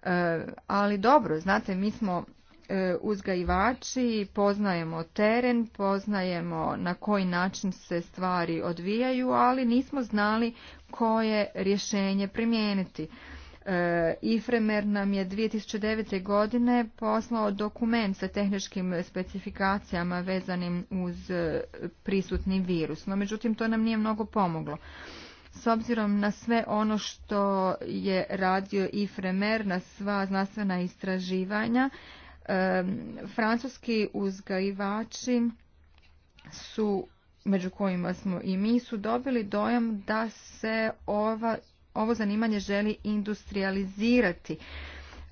E, ali dobro, znate, mi smo e, uzgajivači, poznajemo teren, poznajemo na koji način se stvari odvijaju, ali nismo znali koje rješenje primijeniti. E, Ifremer nam je 2009. godine poslao dokument sa tehničkim specifikacijama vezanim uz e, prisutni virus, no međutim to nam nije mnogo pomoglo. S obzirom na sve ono što je radio Ifremer, na sva znanstvena istraživanja, e, francuski uzgajivači su među kojima smo i mi, su dobili dojam da se ova ovo zanimanje želi industrializirati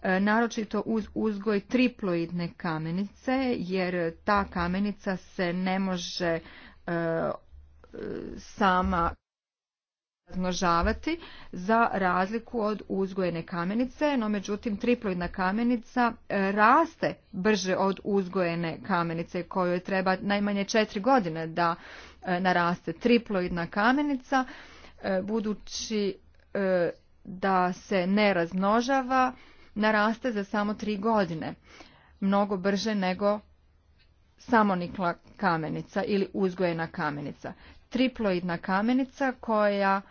e, naročito uz uzgoj triploidne kamenice jer ta kamenica se ne može e, sama razmnožavati za razliku od uzgojene kamenice, no međutim triploidna kamenica e, raste brže od uzgojene kamenice kojoj treba najmanje četiri godine da naraste triploidna kamenica budući E, da se ne razmnožava naraste za samo tri godine, mnogo brže nego samonikla kamenica ili uzgojena kamenica. Triploidna kamenica koja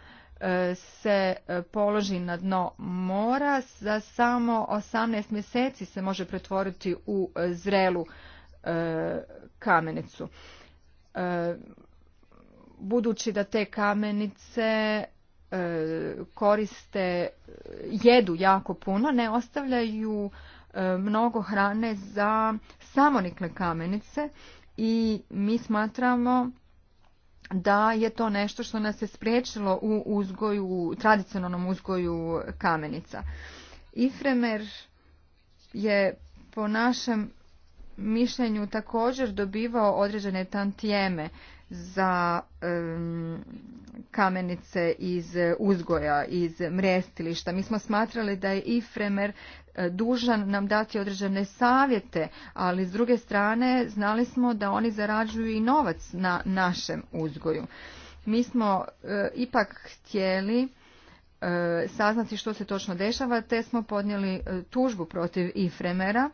e, se e, položi na dno mora za samo 18 mjeseci se može pretvoriti u zrelu kamenicu. Budući da te kamenice koriste, jedu jako puno, ne ostavljaju e, mnogo hrane za samonikle kamenice i mi smatramo da je to nešto što nas je spriječilo u uzgoju, tradicionalnom uzgoju kamenica. Ifremer je po našem mišljenju također dobivao određene tantijeme za kamenice iz uzgoja, iz mrestilišta. Mi smo smatrali da je Ifremer e, dužan nam dati određene savjete, ali s druge strane znali smo da oni zarađuju i novac na našem uzgoju. Mi smo e, ipak htjeli e, saznati što se točno dešava, te smo podnijeli tužbu protiv Ifremera,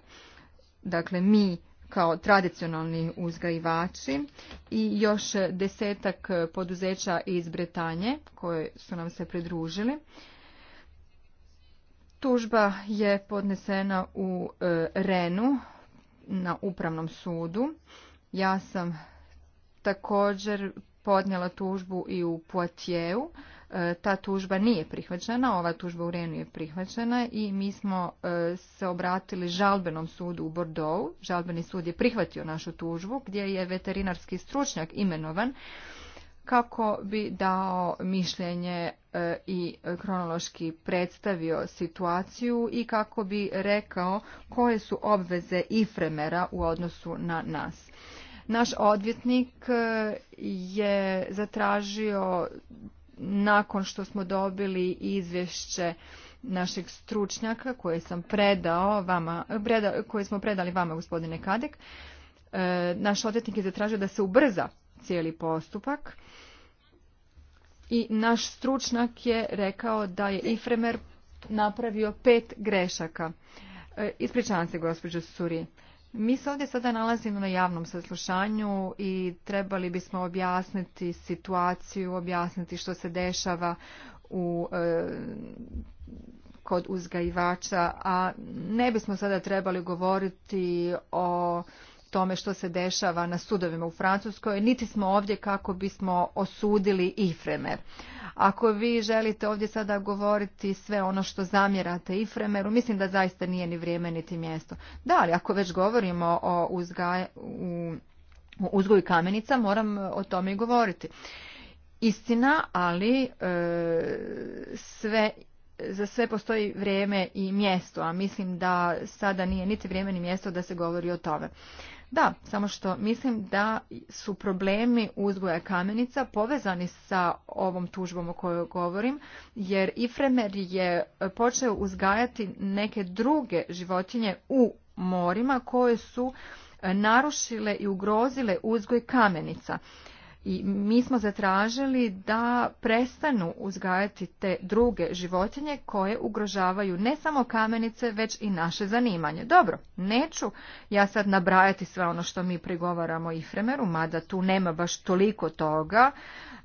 dakle mi kao tradicionalni uzgajivači i još desetak poduzeća iz Bretanje koje su nam se pridružili. Tužba je podnesena u e, Renu na Upravnom sudu. Ja sam također podnijela tužbu i u Poitieru E, ta tužba nije prihvaćena, ova tužba u Renu je prihvaćena i mi smo e, se obratili žalbenom sudu u Bordeaux. Žalbeni sud je prihvatio našu tužbu gdje je veterinarski stručnjak imenovan kako bi dao mišljenje e, i kronološki predstavio situaciju i kako bi rekao koje su obveze fremera u odnosu na nas. Naš odvjetnik je zatražio nakon što smo dobili izvješće našeg stručnjaka koje sam predao vama, koje smo predali vama gospodine Kadek, e, naš odvjetnik je zatražio da se ubrza cijeli postupak i naš stručnjak je rekao da je Ifremer napravio pet grešaka. E, ispričavam se, gospođo Suri. Mi se ovdje sada nalazimo na javnom saslušanju i trebali bismo objasniti situaciju, objasniti što se dešava u e, kod uzgajivača, a ne bismo sada trebali govoriti o tome što se dešava na sudovima u Francuskoj, niti smo ovdje kako bismo osudili Ifremer. Ako vi želite ovdje sada govoriti sve ono što zamjerate Ifremeru, mislim da zaista nije ni vrijeme niti mjesto. Da, ali ako već govorimo o u, uzgoju kamenica, moram o tome i govoriti. Istina, ali e, sve za sve postoji vrijeme i mjesto, a mislim da sada nije niti vrijeme ni mjesto da se govori o tome. Da, samo što mislim da su problemi uzgoja kamenica povezani sa ovom tužbom o kojoj govorim, jer Ifremer je počeo uzgajati neke druge životinje u morima koje su narušile i ugrozile uzgoj kamenica i mi smo zatražili da prestanu uzgajati te druge životinje koje ugrožavaju ne samo kamenice već i naše zanimanje. Dobro, neću ja sad nabrajati sve ono što mi prigovaramo fremeru, mada tu nema baš toliko toga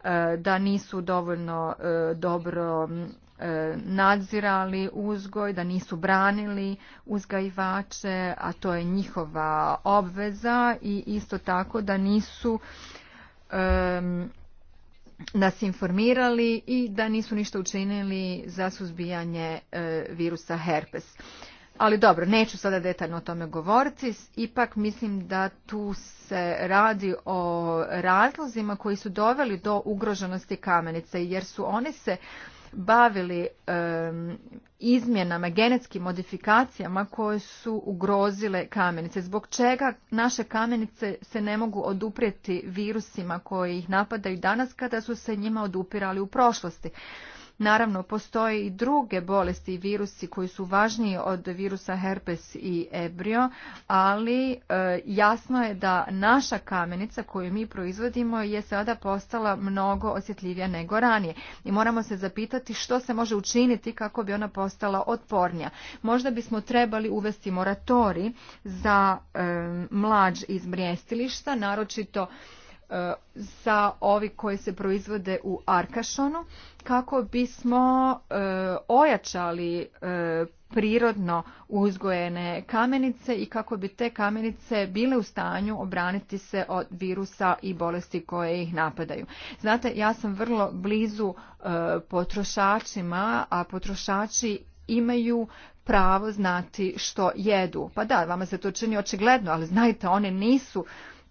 e, da nisu dovoljno e, dobro e, nadzirali uzgoj, da nisu branili uzgajivače, a to je njihova obveza i isto tako da nisu nas informirali i da nisu ništa učinili za suzbijanje e, virusa herpes. Ali dobro, neću sada detaljno o tome govoriti, ipak mislim da tu se radi o razlozima koji su doveli do ugroženosti kamenice, jer su one se bavili izmjenama, genetskim modifikacijama koje su ugrozile kamenice. Zbog čega naše kamenice se ne mogu oduprijeti virusima koji ih napadaju danas kada su se njima odupirali u prošlosti? Naravno, postoje i druge bolesti i virusi koji su važniji od virusa herpes i ebrio, ali e, jasno je da naša kamenica koju mi proizvodimo je sada postala mnogo osjetljivija nego ranije. I moramo se zapitati što se može učiniti kako bi ona postala otpornija. Možda bismo trebali uvesti moratori za e, mlađ iz mrijestilišta, naročito E, za ovi koji se proizvode u Arkašonu kako bismo e, ojačali e, prirodno uzgojene kamenice i kako bi te kamenice bile u stanju obraniti se od virusa i bolesti koje ih napadaju. Znate, ja sam vrlo blizu potrošačima, a potrošači imaju pravo znati što jedu. Pa da, vama se to čini očigledno, ali znajte, one nisu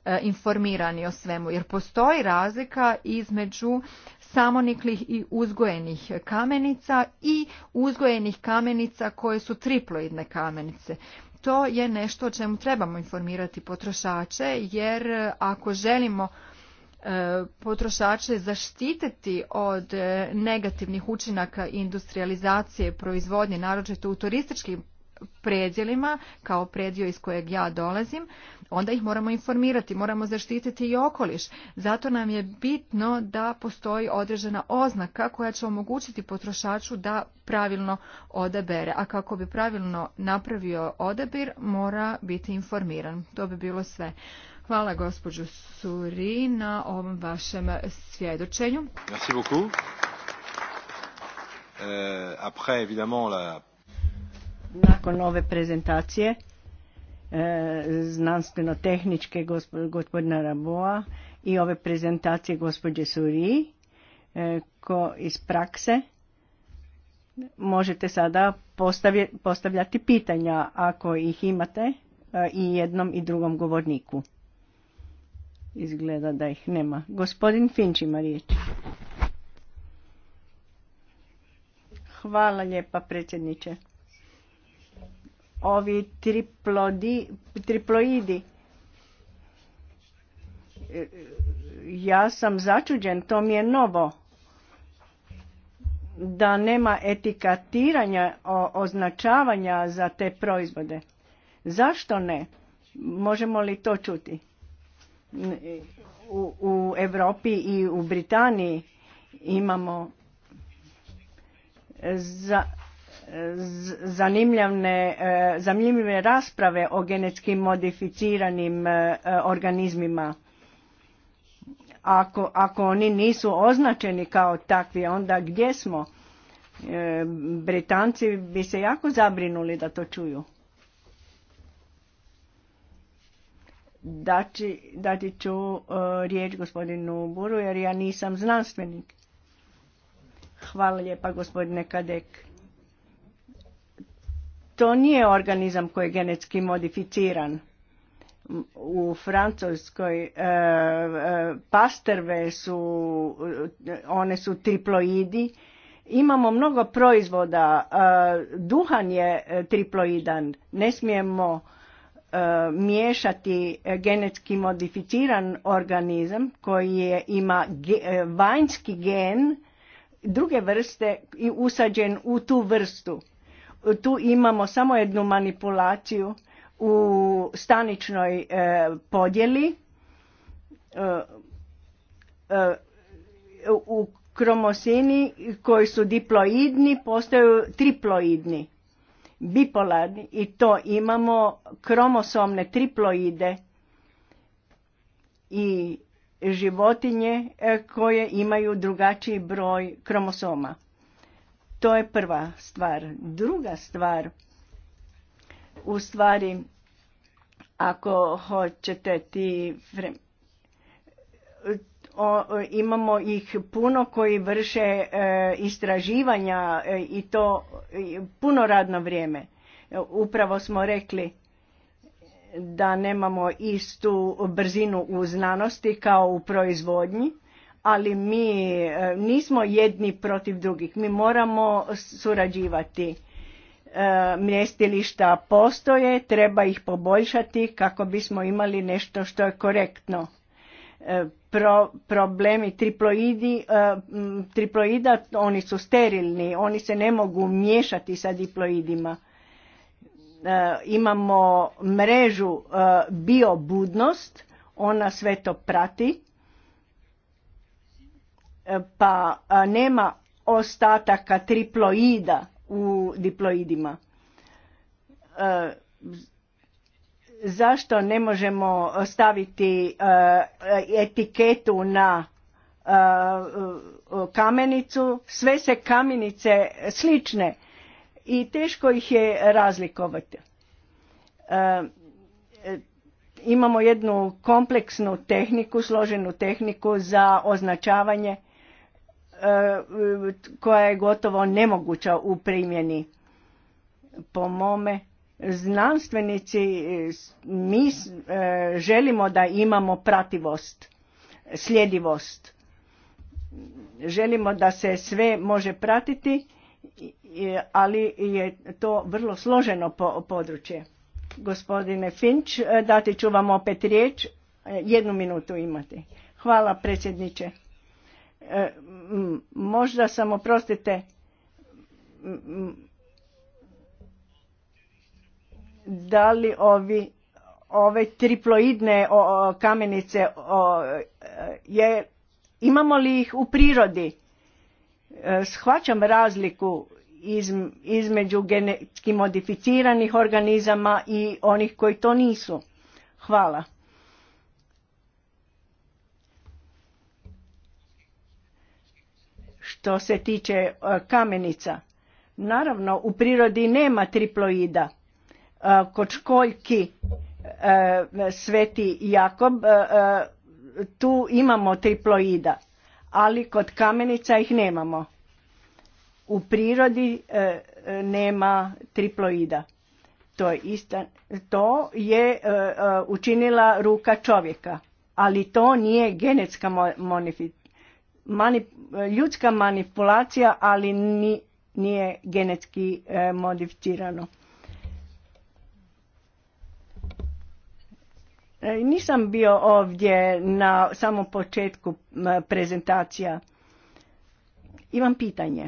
E, informirani o svemu jer postoji razlika između samoniklih i uzgojenih kamenica i uzgojenih kamenica koje su triploidne kamenice to je nešto o čemu trebamo informirati potrošače jer ako želimo e, potrošače zaštititi od e, negativnih učinaka industrializacije proizvodnje naročito u turističkim predjelima, kao predjel iz kojeg ja dolazim, onda ih moramo informirati, moramo zaštititi i okoliš. Zato nam je bitno da postoji određena oznaka koja će omogućiti potrošaču da pravilno odabere. A kako bi pravilno napravio odabir, mora biti informiran. To bi bilo sve. Hvala gospođu Suri na ovom vašem svjedočenju. Nakon ove prezentacije e, znanstveno-tehničke gospodina Raboa i ove prezentacije gospođe Suri e, ko iz prakse možete sada postavljati pitanja ako ih imate e, i jednom i drugom govorniku. Izgleda da ih nema. Gospodin Finč ima riječ. Hvala lijepa predsjedniče ovi triploidi. Ja sam začuđen, to mi je novo. Da nema etikatiranja, označavanja za te proizvode. Zašto ne? Možemo li to čuti? U, u Europi i u Britaniji imamo za, E, zanimljive rasprave o genetski modificiranim e, organizmima. Ako, ako oni nisu označeni kao takvi, onda gdje smo? E, Britanci bi se jako zabrinuli da to čuju. dati ću riječ gospodinu Buru jer ja nisam znanstvenik. Hvala lijepa gospodine Kadek to nije organizam koji je genetski modificiran. U Francuskoj e, e pasterve su, e, one su triploidi. Imamo mnogo proizvoda, e, duhan je triploidan, ne smijemo miješati genetski modificiran organizam koji je, ima vanjski gen druge vrste i usađen u tu vrstu tu imamo samo jednu manipulaciju u staničnoj e, podjeli e, e, u kromosini koji su diploidni postaju triploidni bipolarni i to imamo kromosomne triploide i životinje koje imaju drugačiji broj kromosoma to je prva stvar. Druga stvar, u stvari, ako hoćete ti... O, imamo ih puno koji vrše e, istraživanja e, i to puno radno vrijeme. Upravo smo rekli da nemamo istu brzinu u znanosti kao u proizvodnji ali mi e, nismo jedni protiv drugih. Mi moramo surađivati. E, mjestilišta postoje, treba ih poboljšati kako bismo imali nešto što je korektno. E, problemi triploidi, triploida, oni su sterilni, oni se ne mogu miješati sa diploidima. Imamo mrežu biobudnost, ona sve to prati E, pa nema ostataka triploida u diploidima. E, zašto ne možemo staviti e, etiketu na kamenicu? Sve se kamenice slične i teško ih je razlikovati. Imamo jednu kompleksnu tehniku, složenu tehniku za označavanje E, koja je gotovo nemoguća u primjeni. Po mome, znanstvenici, e, mi e, želimo da imamo prativost, sljedivost. Želimo da se sve može pratiti, ali je to vrlo složeno područje. Gospodine Finč, dati ću vam opet riječ, jednu minutu imate. Hvala predsjedniče. E, možda sam, oprostite, da li ovi, ove triploidne kamenice, je, imamo li ih u prirodi? E, shvaćam razliku između genetski modificiranih organizama i onih koji to nisu. Hvala. što se tiče e, kamenica. Naravno, u prirodi nema triploida. E, kod školjki e, Sveti Jakob tu imamo triploida, ali kod kamenica ih nemamo. U prirodi nema triploida. To je, ista, to je učinila ruka čovjeka, ali to nije genetska ljudska manipulacija, ali ni, nije genetski e, modificirano. E, nisam bio ovdje na samom početku prezentacija. Imam pitanje.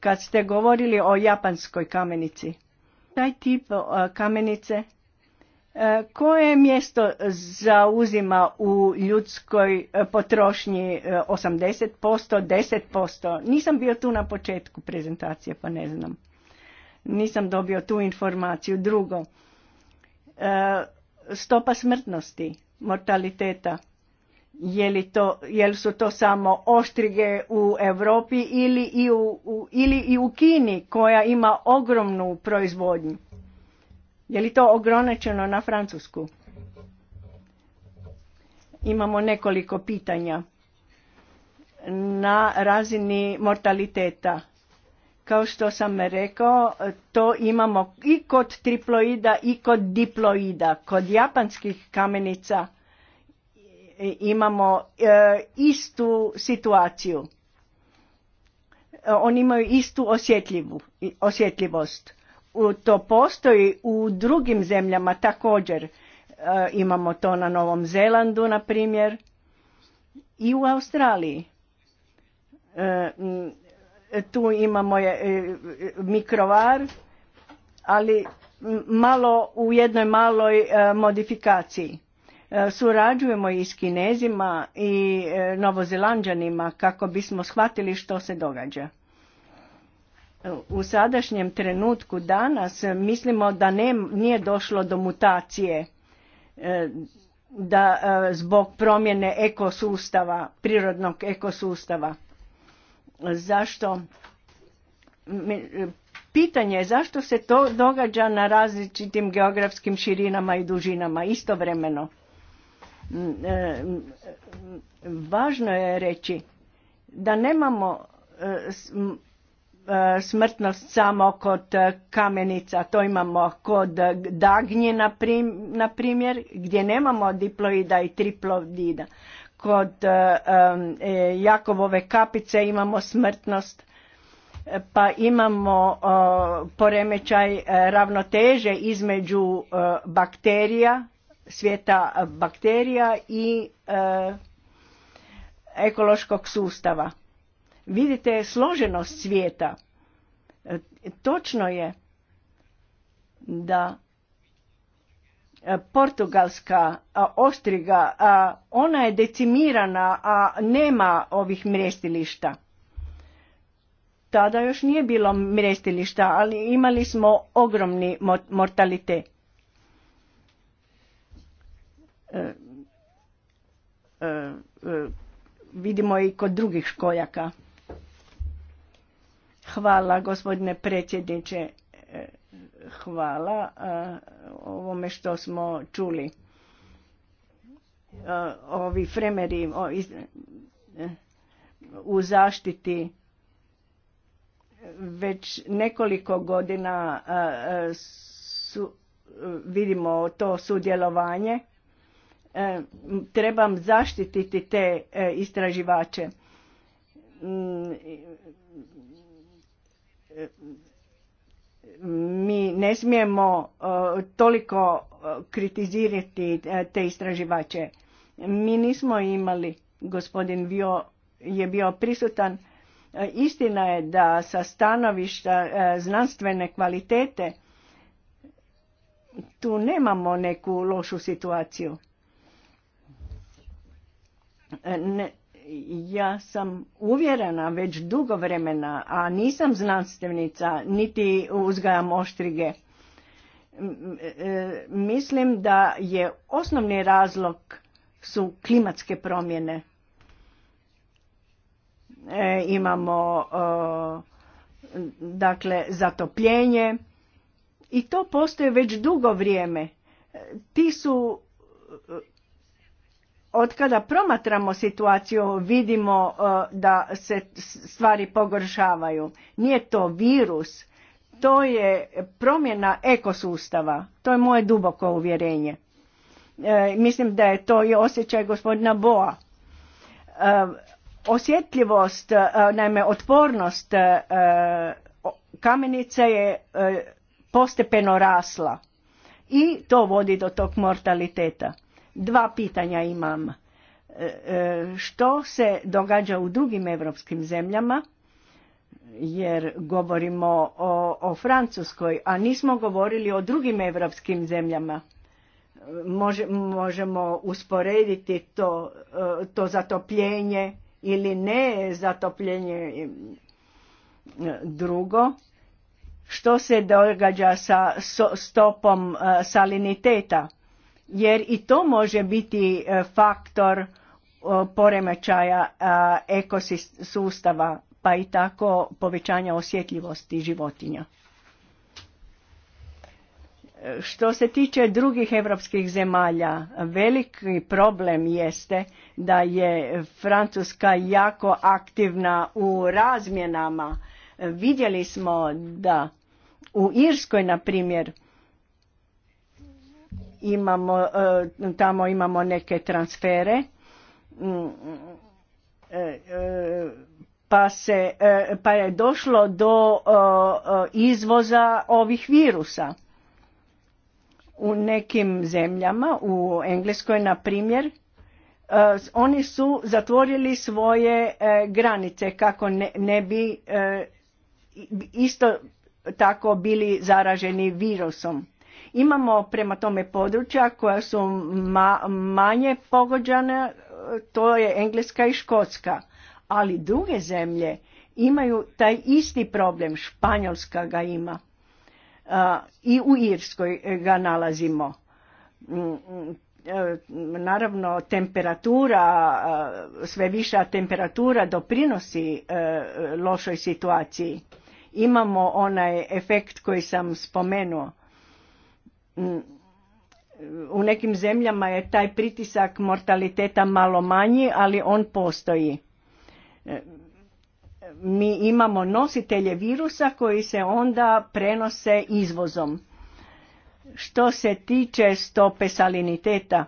Kad ste govorili o japanskoj kamenici, taj tip e, kamenice koje mjesto zauzima u ljudskoj e, potrošnji 80%, e, 10%? Nisam bio tu na početku prezentacije, pa ne znam. Nisam dobio tu informaciju. Drugo, e, stopa smrtnosti, mortaliteta. Je li to, jel su to samo oštrige u Europi ili ili i u Kini koja ima ogromnu proizvodnju? Je li to ograničeno na Francusku? Imamo nekoliko pitanja na razini mortaliteta. Kao što sam rekao, to imamo i kod triploida i kod diploida. Kod japanskih kamenica e, imamo e, istu situaciju. E, oni imaju istu osjetljivu, osjetljivost to postoji u drugim zemljama također e, imamo to na Novom Zelandu na primjer i u Australiji e, tu imamo je e, mikrovar ali malo u jednoj maloj modifikaciji surađujemo i s Kinezima i Novozelanđanima kako bismo shvatili što se događa u sadašnjem trenutku danas mislimo da nije došlo do mutacije e, da e, zbog promjene ekosustava, prirodnog ekosustava. Zašto? E, pitanje je zašto se to događa na različitim geografskim širinama i dužinama istovremeno. Važno je reći da nemamo E, smrtnost samo kod e, kamenica, to imamo kod dagnje na primjer, gdje nemamo diploida i triplodida. Kod e, Jakovove kapice imamo smrtnost, pa imamo poremećaj ravnoteže između bakterija, svijeta bakterija i ekološkog sustava Vidite složenost svijeta. E, točno je da e, portugalska ostriga, ona je decimirana, a nema ovih mrestilišta. Tada još nije bilo mrestilišta, ali imali smo ogromni mortalitet. E, vidimo i kod drugih školjaka. Hvala gospodine predsjedniče. E, hvala e, ovome što smo čuli. E, ovi fremeri u zaštiti već nekoliko godina su, vidimo to sudjelovanje. Trebam zaštititi te istraživače mm, mi ne smijemo e, toliko e, kritizirati e, te istraživače. Mi nismo imali, gospodin Vio je bio prisutan, istina je da sa stanovišta znanstvene kvalitete tu nemamo neku lošu situaciju. Ne, ja sam uvjerena već dugo vremena, a nisam znanstvenica, niti uzgajam oštrige. E, e, mislim da je osnovni razlog su klimatske promjene. E, imamo dakle zatopljenje i to postoje već dugo vrijeme. Ti su od kada promatramo situaciju vidimo e, da se stvari pogoršavaju. Nije to virus, to je promjena ekosustava. To je moje duboko uvjerenje. E, mislim da je to i osjećaj gospodina Boa. E, osjetljivost, naime otpornost kamenica je postepeno rasla i to vodi do tog mortaliteta dva pitanja imam. E, e, što se događa u drugim evropskim zemljama? Jer govorimo o, Francuskoj, a nismo govorili o drugim evropskim zemljama. E, možemo usporediti to, to zatopljenje ili ne zatopljenje drugo što se događa sa stopom saliniteta jer i to može biti e, faktor e, poremećaja e, ekosustava pa i tako povećanja osjetljivosti životinja. Što se tiče drugih evropskih zemalja, veliki problem jeste da je Francuska jako aktivna u razmjenama. Vidjeli smo da u Irskoj, na primjer, imamo, e, tamo imamo neke transfere mm, e, e, pa, se, pa je došlo do izvoza ovih virusa u nekim zemljama, u Engleskoj na primjer, oni su zatvorili svoje granice kako ne, ne bi isto tako bili zaraženi virusom Imamo prema tome područja koja su manje pogođana, e, to je Engleska i Škotska, ali druge zemlje imaju taj isti problem, Španjolska ga ima e, i u Irskoj ga nalazimo. Mm, mm, e, naravno, temperatura, sve viša temperatura doprinosi lošoj situaciji. Imamo onaj efekt koji sam spomenuo u nekim zemljama je taj pritisak mortaliteta malo manji, ali on postoji. Mi imamo nositelje virusa koji se onda prenose izvozom. Što se tiče stope saliniteta,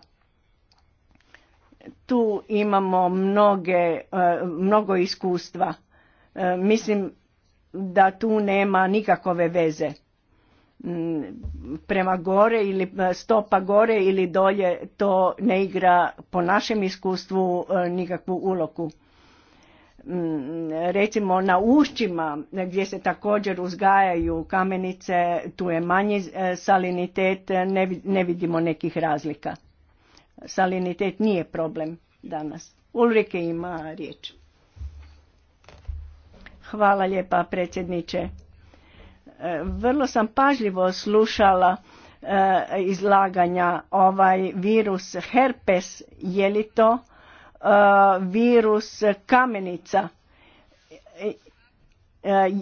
tu imamo mnoge, e, mnogo iskustva. E, mislim da tu nema nikakove veze Mm, prema gore ili e, stopa gore ili dolje to ne igra po našem iskustvu e, nikakvu ulogu. Mm, recimo na ušćima gdje se također uzgajaju kamenice, tu je manji e, salinitet, ne vidimo nekih razlika. Salinitet nije problem danas. Ulrike ima riječ. Hvala lijepa predsjedniče. Vrlo sam pažljivo slušala e, izlaganja ovaj virus herpes, je li to e, virus kamenica e,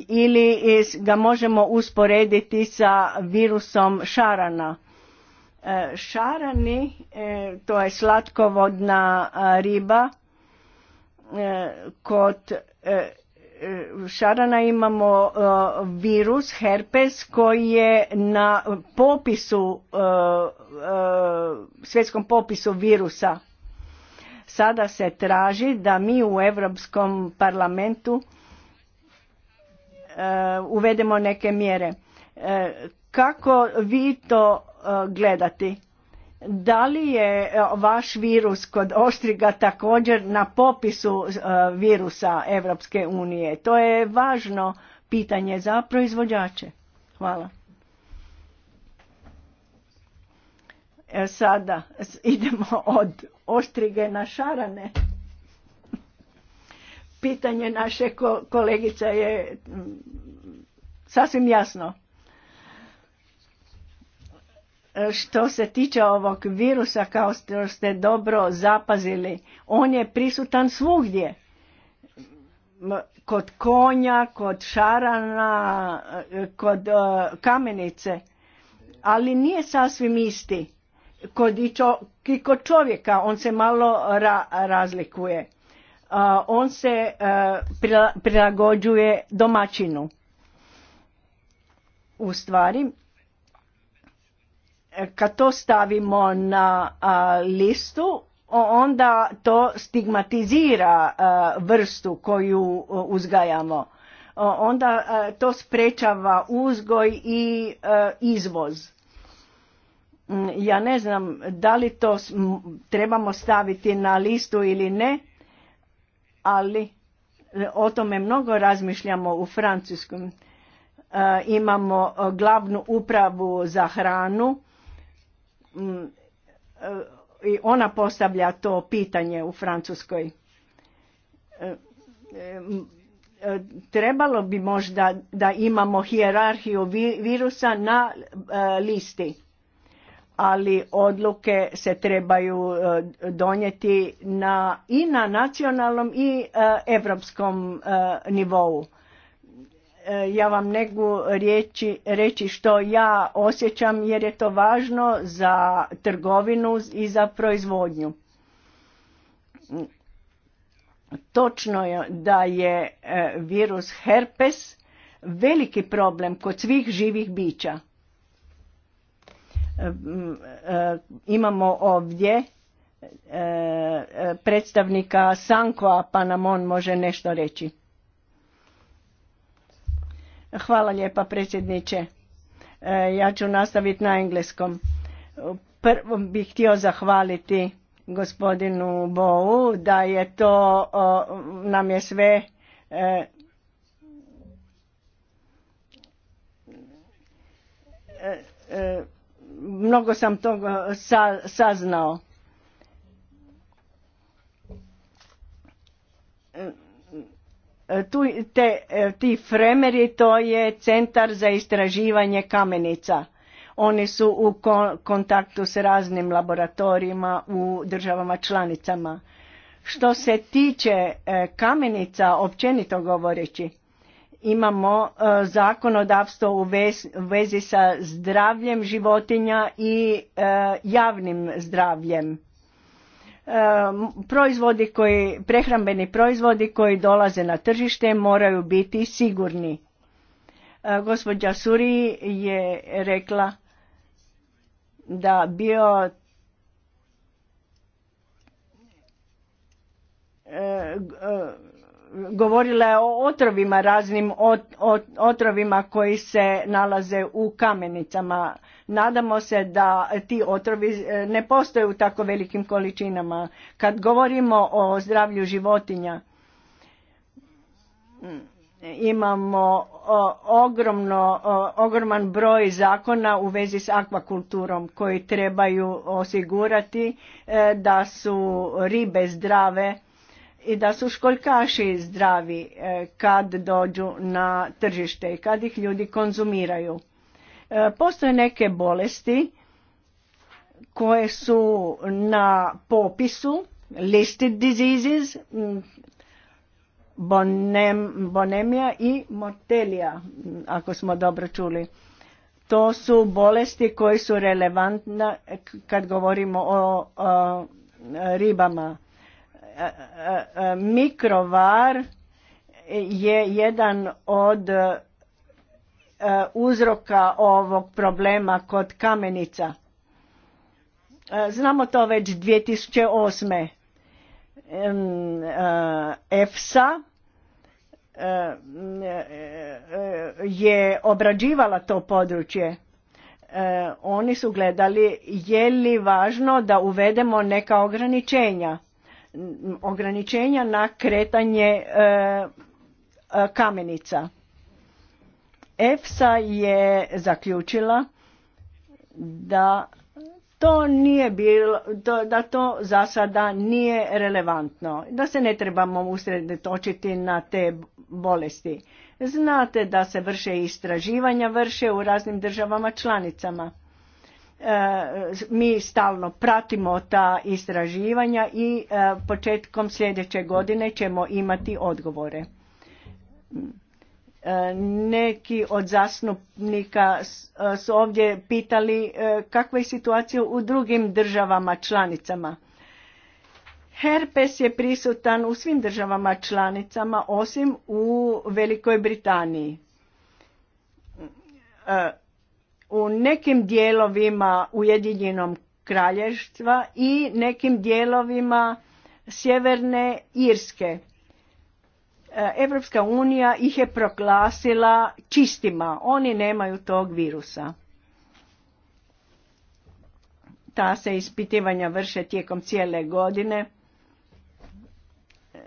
ili ga možemo usporediti sa virusom šarana. Šarani, to je slatkovodna riba kod šarana imamo e, virus herpes koji je na popisu e, e, svjetskom popisu virusa sada se traži da mi u europskom parlamentu uvedemo neke mjere kako vi to gledati da li je e, vaš virus kod ostriga također na popisu e, virusa Europske unije? To je važno pitanje za proizvođače. Hvala. E, sada idemo od oštrige na šarane. Pitanje naše kolegica je sasvim jasno što se tiče ovog virusa kao što ste dobro zapazili on je prisutan svugdje kod konja kod šarana e, kod e, kamenice ali nije sasvim isti kod i kod čovjeka on se malo razlikuje e, on se prilagođuje domaćinu u stvari kad to stavimo na listu, onda to stigmatizira vrstu koju uzgajamo. Onda to sprečava uzgoj i izvoz. Mm, ja ne znam da li to trebamo staviti na listu ili ne, ali e, o tome mnogo razmišljamo u Francuskom. E, imamo e, glavnu upravu za hranu Mm, e, i ona postavlja to pitanje u Francuskoj. E, e, trebalo bi možda da imamo hijerarhiju virusa na listi, ali odluke se trebaju donijeti i na nacionalnom i europskom nivou E, ja vam negu reći, reći što ja osjećam jer je to važno za trgovinu i za proizvodnju. Točno je da je e, virus herpes veliki problem kod svih živih bića. E, imamo ovdje predstavnika Sankoa, pa nam on može nešto reći. Hvala lijepa predsjedniče. E, ja ću nastaviti na engleskom. Prvo bih htio zahvaliti gospodinu Bou da je to nam je sve e, e, mnogo sam toga saznao E, tu, te, e, ti fremeri to je centar za istraživanje kamenica. Oni su u kontaktu s raznim laboratorijima u državama članicama. Što se tiče e, kamenica, općenito govoreći, imamo zakonodavstvo u vezi sa zdravljem životinja i javnim zdravljem proizvodi koji, prehrambeni proizvodi koji dolaze na tržište moraju biti sigurni. Gospođa Suri je rekla da bio govorila je o otrovima raznim otrovima koji se nalaze u kamenicama Nadamo se da ti otrovi e, ne postoje u tako velikim količinama. Kad govorimo o zdravlju životinja, imamo ogromno, ogroman broj zakona u vezi s akvakulturom koji trebaju osigurati e, da su ribe zdrave i da su školjkaši zdravi e, kad dođu na tržište i kad ih ljudi konzumiraju. E, postoje neke bolesti koje su na popisu listed diseases, bonem, bonemija i motelija, ako smo dobro čuli. To su bolesti koje su relevantne kad govorimo o, o ribama. E, e, mikrovar je jedan od E, uzroka ovog problema kod kamenica. E, znamo to već 2008. E, EFSA je obrađivala to područje. Oni su gledali je li važno da uvedemo neka ograničenja. Ograničenja na kretanje kamenica EFSA je zaključila da to nije bilo, da to za sada nije relevantno, da se ne trebamo usredotočiti na te bolesti. Znate da se vrše istraživanja, vrše u raznim državama članicama. E, mi stalno pratimo ta istraživanja i e, početkom sljedeće godine ćemo imati odgovore. E, neki od zastupnika e, su ovdje pitali e, kakva je situacija u drugim državama članicama. Herpes je prisutan u svim državama članicama osim u Velikoj Britaniji. U nekim dijelovima Ujedinjenom kraljevstva i nekim dijelovima Sjeverne Irske E, Evropska unija ih je proglasila čistima. Oni nemaju tog virusa. Ta se ispitivanja vrše tijekom cijele godine. E,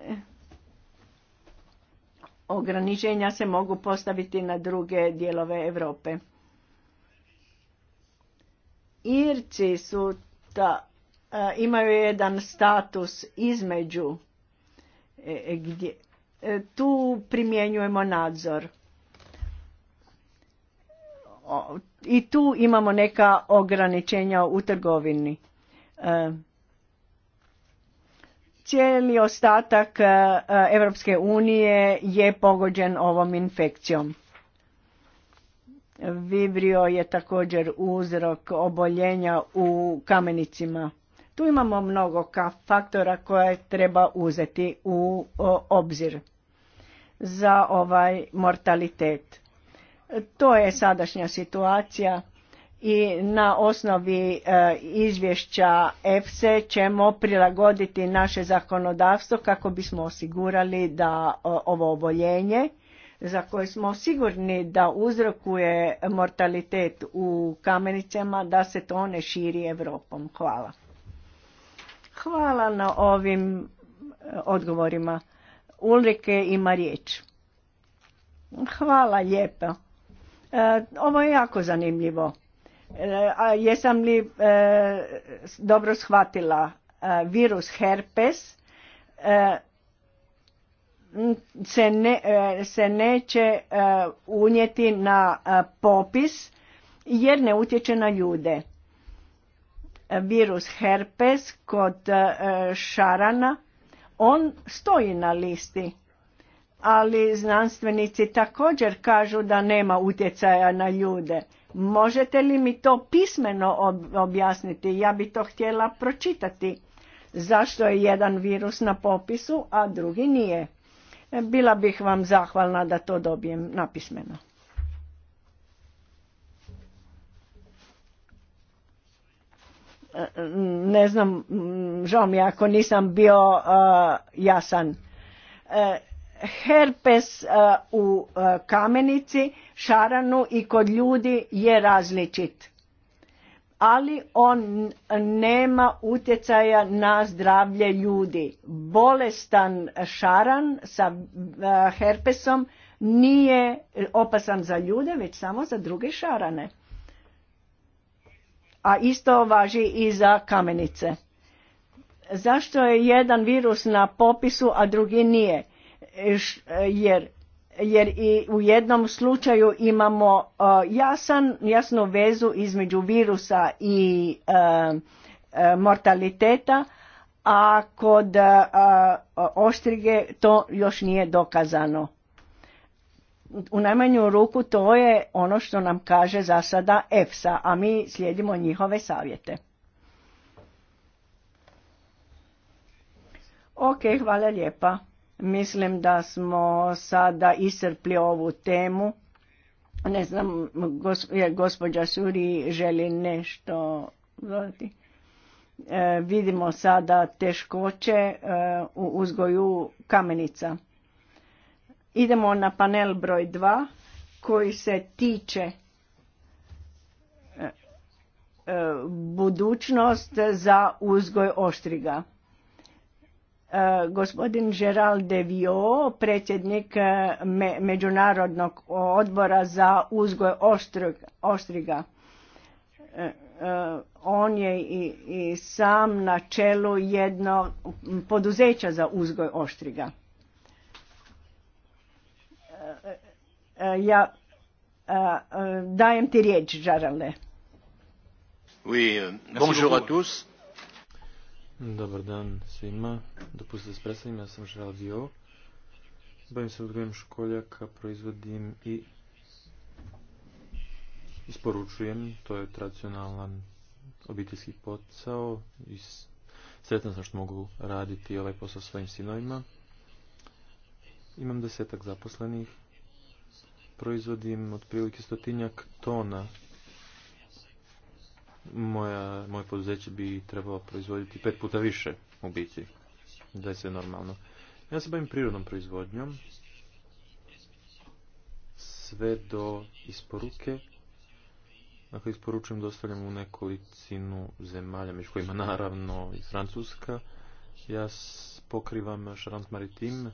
ograničenja se mogu postaviti na druge dijelove Europe. Irci su ta, e, imaju jedan status između gdje E, tu primjenjujemo nadzor. I tu imamo neka ograničenja u trgovini. E, cijeli ostatak Europske unije je pogođen ovom infekcijom. Vibrio je također uzrok oboljenja u kamenicima tu imamo mnogo faktora koje treba uzeti u obzir za ovaj mortalitet. To je sadašnja situacija i na osnovi e, izvješća EFSE ćemo prilagoditi naše zakonodavstvo kako bismo osigurali da ovo oboljenje za koje smo sigurni da uzrokuje mortalitet u kamenicama da se to ne širi Europom. Hvala. Hvala na ovim e, odgovorima. Ulrike ima riječ. Hvala lijepo. E, ovo je jako zanimljivo. E, a jesam li dobro shvatila virus herpes se, se neće unijeti na popis jer ne utječe na ljude virus herpes kod e, šarana, on stoji na listi, ali znanstvenici također kažu da nema utjecaja na ljude. Možete li mi to pismeno objasniti? Ja bi to htjela pročitati. Zašto je jedan virus na popisu, a drugi nije? Bila bih vam zahvalna da to dobijem napismeno. ne znam, žao mi ako nisam bio e, jasan. E, herpes e, u kamenici, šaranu i kod ljudi je različit. Ali on nema utjecaja na zdravlje ljudi. Bolestan šaran sa herpesom nije opasan za ljude, već samo za druge šarane a isto važi i za kamenice. Zašto je jedan virus na popisu, a drugi nije? Jer, jer i u jednom slučaju imamo e, jasan, jasnu vezu između virusa i e, e, mortaliteta, a kod ostrige oštrige to još nije dokazano u najmanju ruku to je ono što nam kaže za sada EFSA, a mi slijedimo njihove savjete. Ok, hvala lijepa. Mislim da smo sada iscrpli ovu temu. Ne znam, gospođa Suri želi nešto e, vidimo sada teškoće e, u uzgoju kamenica. Idemo na panel broj 2 koji se tiče e, e, budućnost za uzgoj oštriga. E, gospodin Gerald de Vio, predsjednik Međunarodnog odbora za uzgoj oštriga, on je i sam na čelu jednog poduzeća za uzgoj oštriga. Eh, eh, ja eh, dajem ti riječ, Žarale. Oui, euh, bonjour à tous. Dobar dan svima. Dopustite se predstavim, ja sam Žaral Dio. Bavim se odgojem školjaka, proizvodim i isporučujem. To je tradicionalan obiteljski posao. Sretan sam što mogu raditi ovaj posao svojim sinovima. Imam desetak zaposlenih. Proizvodim otprilike stotinjak tona. moje poduzeće bi trebalo proizvoditi pet puta više u biti. Da je sve normalno. Ja se bavim prirodnom proizvodnjom. Sve do isporuke. Dakle, isporučujem, dostavljam u nekolicinu zemalja, među kojima naravno i Francuska. Ja pokrivam Charente Maritime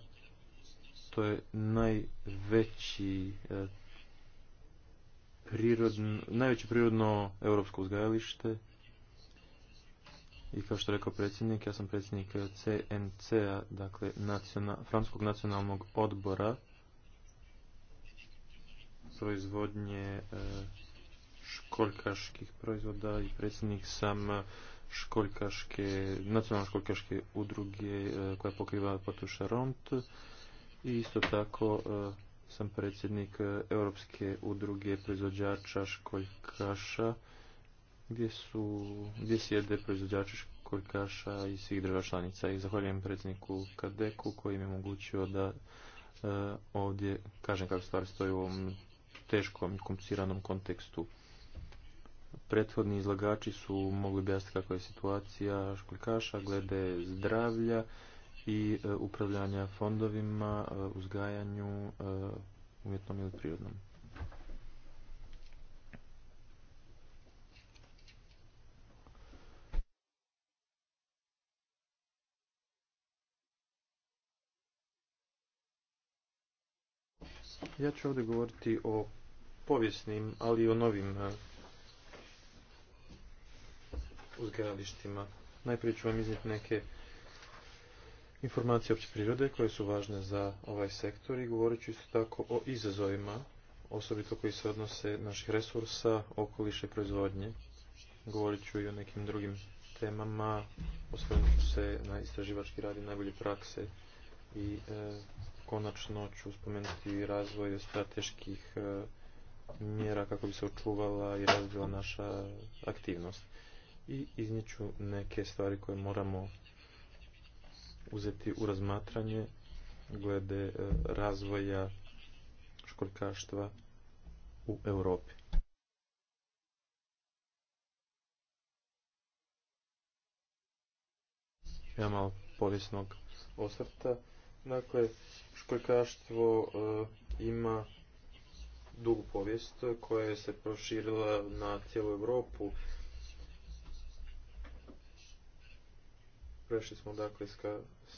što je najveći eh, prirodno, najveće prirodno europsko uzgajalište i kao što je rekao predsjednik, ja sam predsjednik CNC-a, dakle nacional, Franskog nacionalnog odbora proizvodnje eh, školjkaških proizvoda i predsjednik sam eh, školjkaške, nacionalno školjkaške udruge koja pokriva potuša ront i isto tako e, sam predsjednik e, Europske udruge proizvođača školjkaša gdje, su, gdje sjede proizvođači školjkaša i svih država članica i zahvaljujem predsjedniku Kadeku koji mi je omogućio da e, ovdje kažem kako stvari stoji u ovom teškom i kompliciranom kontekstu. Prethodni izlagači su mogli objasniti kakva je situacija školjkaša glede zdravlja i e, upravljanja fondovima, e, uzgajanju e, umjetnom ili prirodnom. Ja ću ovdje govoriti o povijesnim, ali i o novim uzgajalištima. Najprije ću vam iznijeti neke informacije opće prirode koje su važne za ovaj sektor i govorit ću isto tako o izazovima, osobito koji se odnose naših resursa, okoliše proizvodnje. Govorit ću i o nekim drugim temama, osvrnut ću se na istraživački rad najbolje prakse i e, konačno ću spomenuti razvoj strateških e, mjera kako bi se očuvala i razvila naša aktivnost. I iznijet ću neke stvari koje moramo uzeti u razmatranje glede e, razvoja školjkaštva u Europi. Ja malo povijesnog osvrta. Dakle, školjkaštvo e, ima dugu povijest koja je se proširila na cijelu Europu. Prešli smo dakle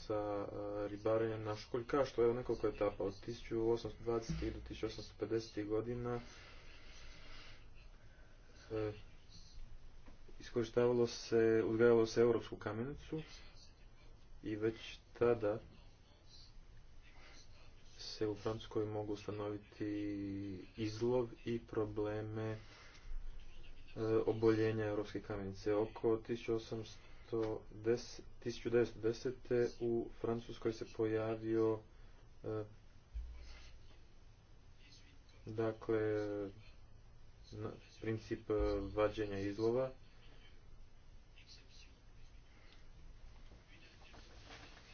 sa eh, ribarenjem na je u nekoliko etapa od 1820. do 1850. godina e, se, uzgajalo se europsku kamenicu i već tada se u Francuskoj mogu ustanoviti izlov i probleme eh, oboljenja europske kamenice. Oko 1800 1910, u Francuskoj se pojavio e, dakle princip e, vađenja izlova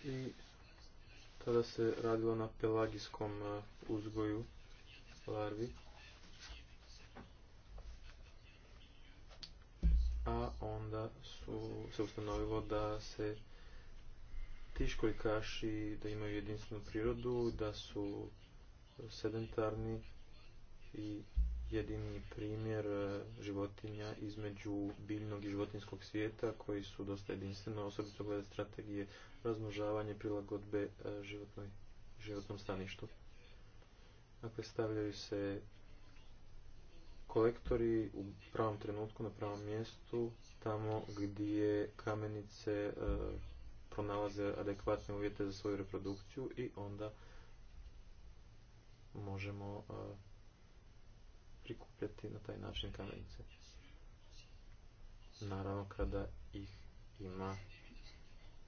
i tada se radilo na pelagijskom e, uzgoju larvi. a onda su se ustanovilo da se kaši da imaju jedinstvenu prirodu, da su sedentarni i jedini primjer e, životinja između biljnog i životinskog svijeta koji su dosta jedinstveni, osobito glede strategije razmnožavanja prilagodbe e, životnom staništu. Dakle, stavljaju se kolektori u pravom trenutku na pravom mjestu tamo gdje kamenice e, pronalaze adekvatne uvjete za svoju reprodukciju i onda možemo e, prikupljati na taj način kamenice. Naravno kada ih ima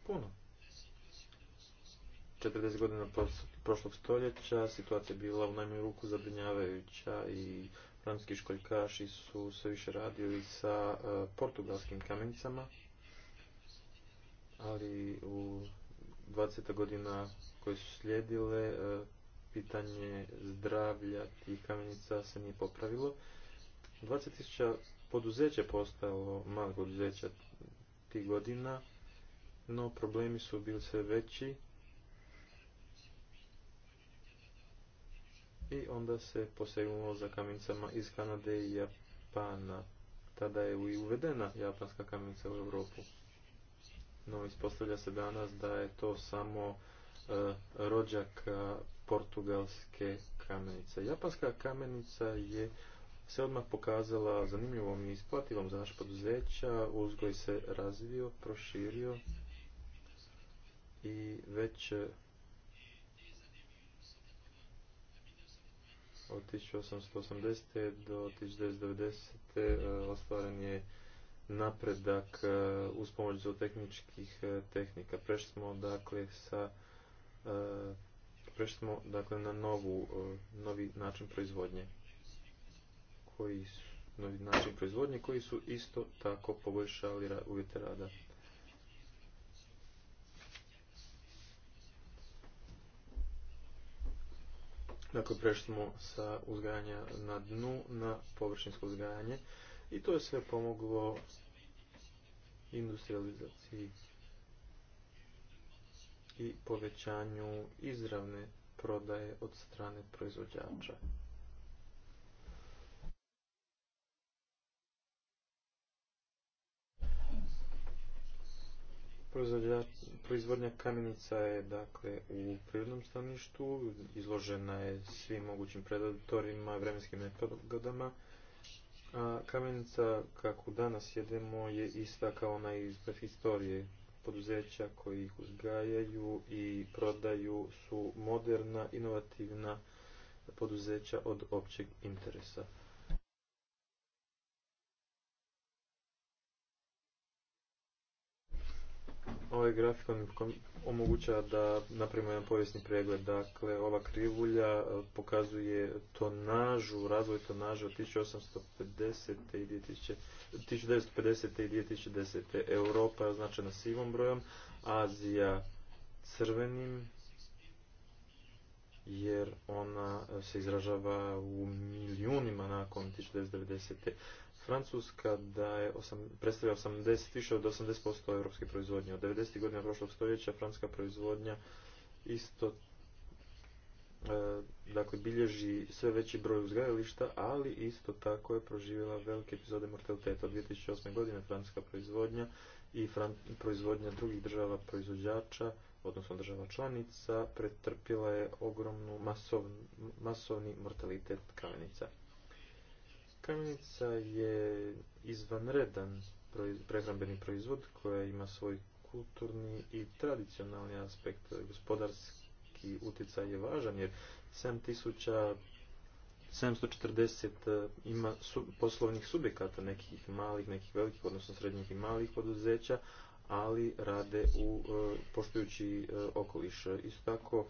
puno. 40 godina prošlog stoljeća situacija je bila u najmanju ruku zabrinjavajuća i Panamski školjkaši su sve više radili sa e, portugalskim kamenicama, ali u 20. godina koje su slijedile, e, pitanje zdravlja tih kamenica se nije popravilo. 20.000 poduzeća postalo malih poduzeća tih godina, no problemi su bili sve veći i onda se posegnulo za kamenicama iz Kanade i Japana. Tada je i uvedena japanska kamenica u Europu. No, ispostavlja se danas da je to samo e, rođak e, portugalske kamenice. Japanska kamenica je se odmah pokazala zanimljivom i isplativom za naš poduzeća, uzgoj se razvio, proširio i već Od 1880. do 1990. E, ostvaren je napredak e, uz pomoć zootehničkih e, tehnika. Prešli smo dakle sa smo dakle na novu, novi način proizvodnje koji su, novi način proizvodnje koji su isto tako poboljšali uvjete rada Dakle, prešli smo sa uzgajanja na dnu na površinsko uzgajanje i to je sve pomoglo industrializaciji i povećanju izravne prodaje od strane proizvođača. proizvodnja kamenica je dakle u prirodnom staništu, izložena je svim mogućim predatorima, vremenskim nepogodama, a kamenica kako danas jedemo je ista kao ona iz prehistorije. Poduzeća koji ih uzgajaju i prodaju su moderna, inovativna poduzeća od općeg interesa. Ovaj grafikon omogućava da napravimo jedan povijesni pregled. Dakle, ova krivulja e, pokazuje tonažu, razvoj tonaža od 1850. i 2000, 1950. i 2010. Europa je označena sivom brojom, Azija crvenim, jer ona e, se izražava u milijunima nakon 1990. Francuska da je predstavlja više od 80% europske proizvodnje. Od 90. godina prošlog stoljeća francuska proizvodnja isto e, dakle bilježi sve veći broj uzgajališta, ali isto tako je proživjela velike epizode mortaliteta. Od 2008. godine francuska proizvodnja i proizvodnja drugih država proizvođača, odnosno država članica, pretrpjela je ogromnu masovni mortalitet kamenica. Kamenica je izvanredan prehrambeni proizvod koji ima svoj kulturni i tradicionalni aspekt. Gospodarski utjecaj je važan jer 7740 eh, ima poslovnih subjekata, nekih malih, nekih velikih, odnosno srednjih i malih poduzeća, ali rade u eh, poštujući eh, okoliš. Isto tako,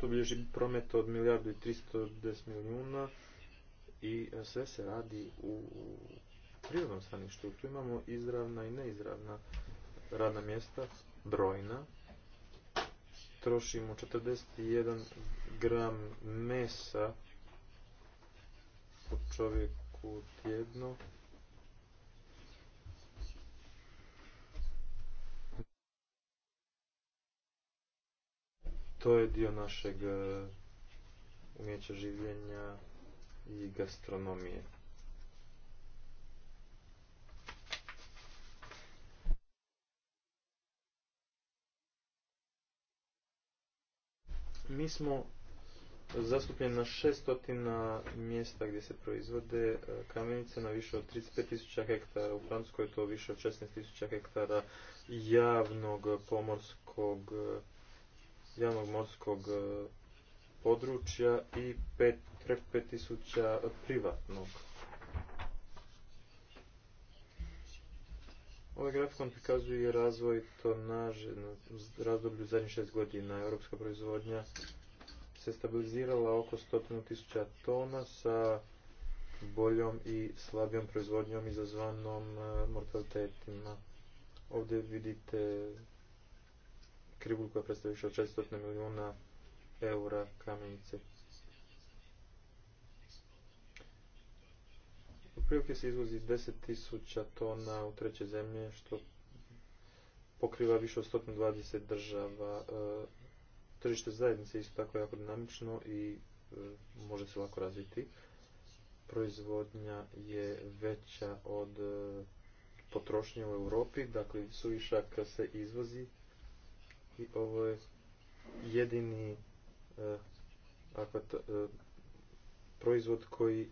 to bilježi promet od milijardu i 310 milijuna i e, sve se radi u prirodnom staništu. Tu imamo izravna i neizravna radna mjesta, brojna. Trošimo 41 gram mesa po čovjeku tjedno to je dio našeg e, umjeća življenja i gastronomije. Mi smo zastupljeni na 600 mjesta gdje se proizvode e, kamenice na više od 35.000 hektara. U Francuskoj je to više od 16.000 hektara javnog pomorskog e, javnog morskog e, područja i preko 5000 privatnog. Ovaj grafikon prikazuje razvoj tonaže na razdoblju zadnjih šest godina. Europska proizvodnja se stabilizirala oko 100.000 tona sa boljom i slabijom proizvodnjom izazvanom e, mortalitetima. Ovdje vidite Krivulj koja predstavlja više od 400 milijuna eura kamenice. U prilike se izvozi 10.000 tona u treće zemlje, što pokriva više od 120 država. E, tržište zajednice je isto tako jako dinamično i e, može se lako razviti. Proizvodnja je veća od e, potrošnje u Europi, dakle suvišak se izvozi i ovo je jedini e, e, proizvod koji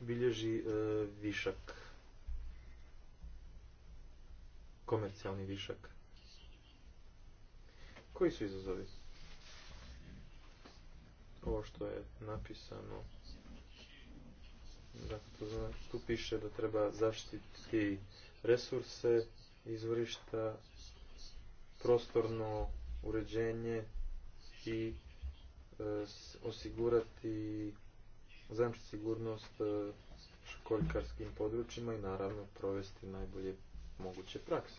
bilježi e, višak komercijalni višak koji su izazovi ovo što je napisano dakle, tu, piše da treba zaštititi resurse izvorišta prostorno uređenje i e, osigurati zajamčiti sigurnost e, školjkarskim područjima i naravno provesti najbolje moguće prakse.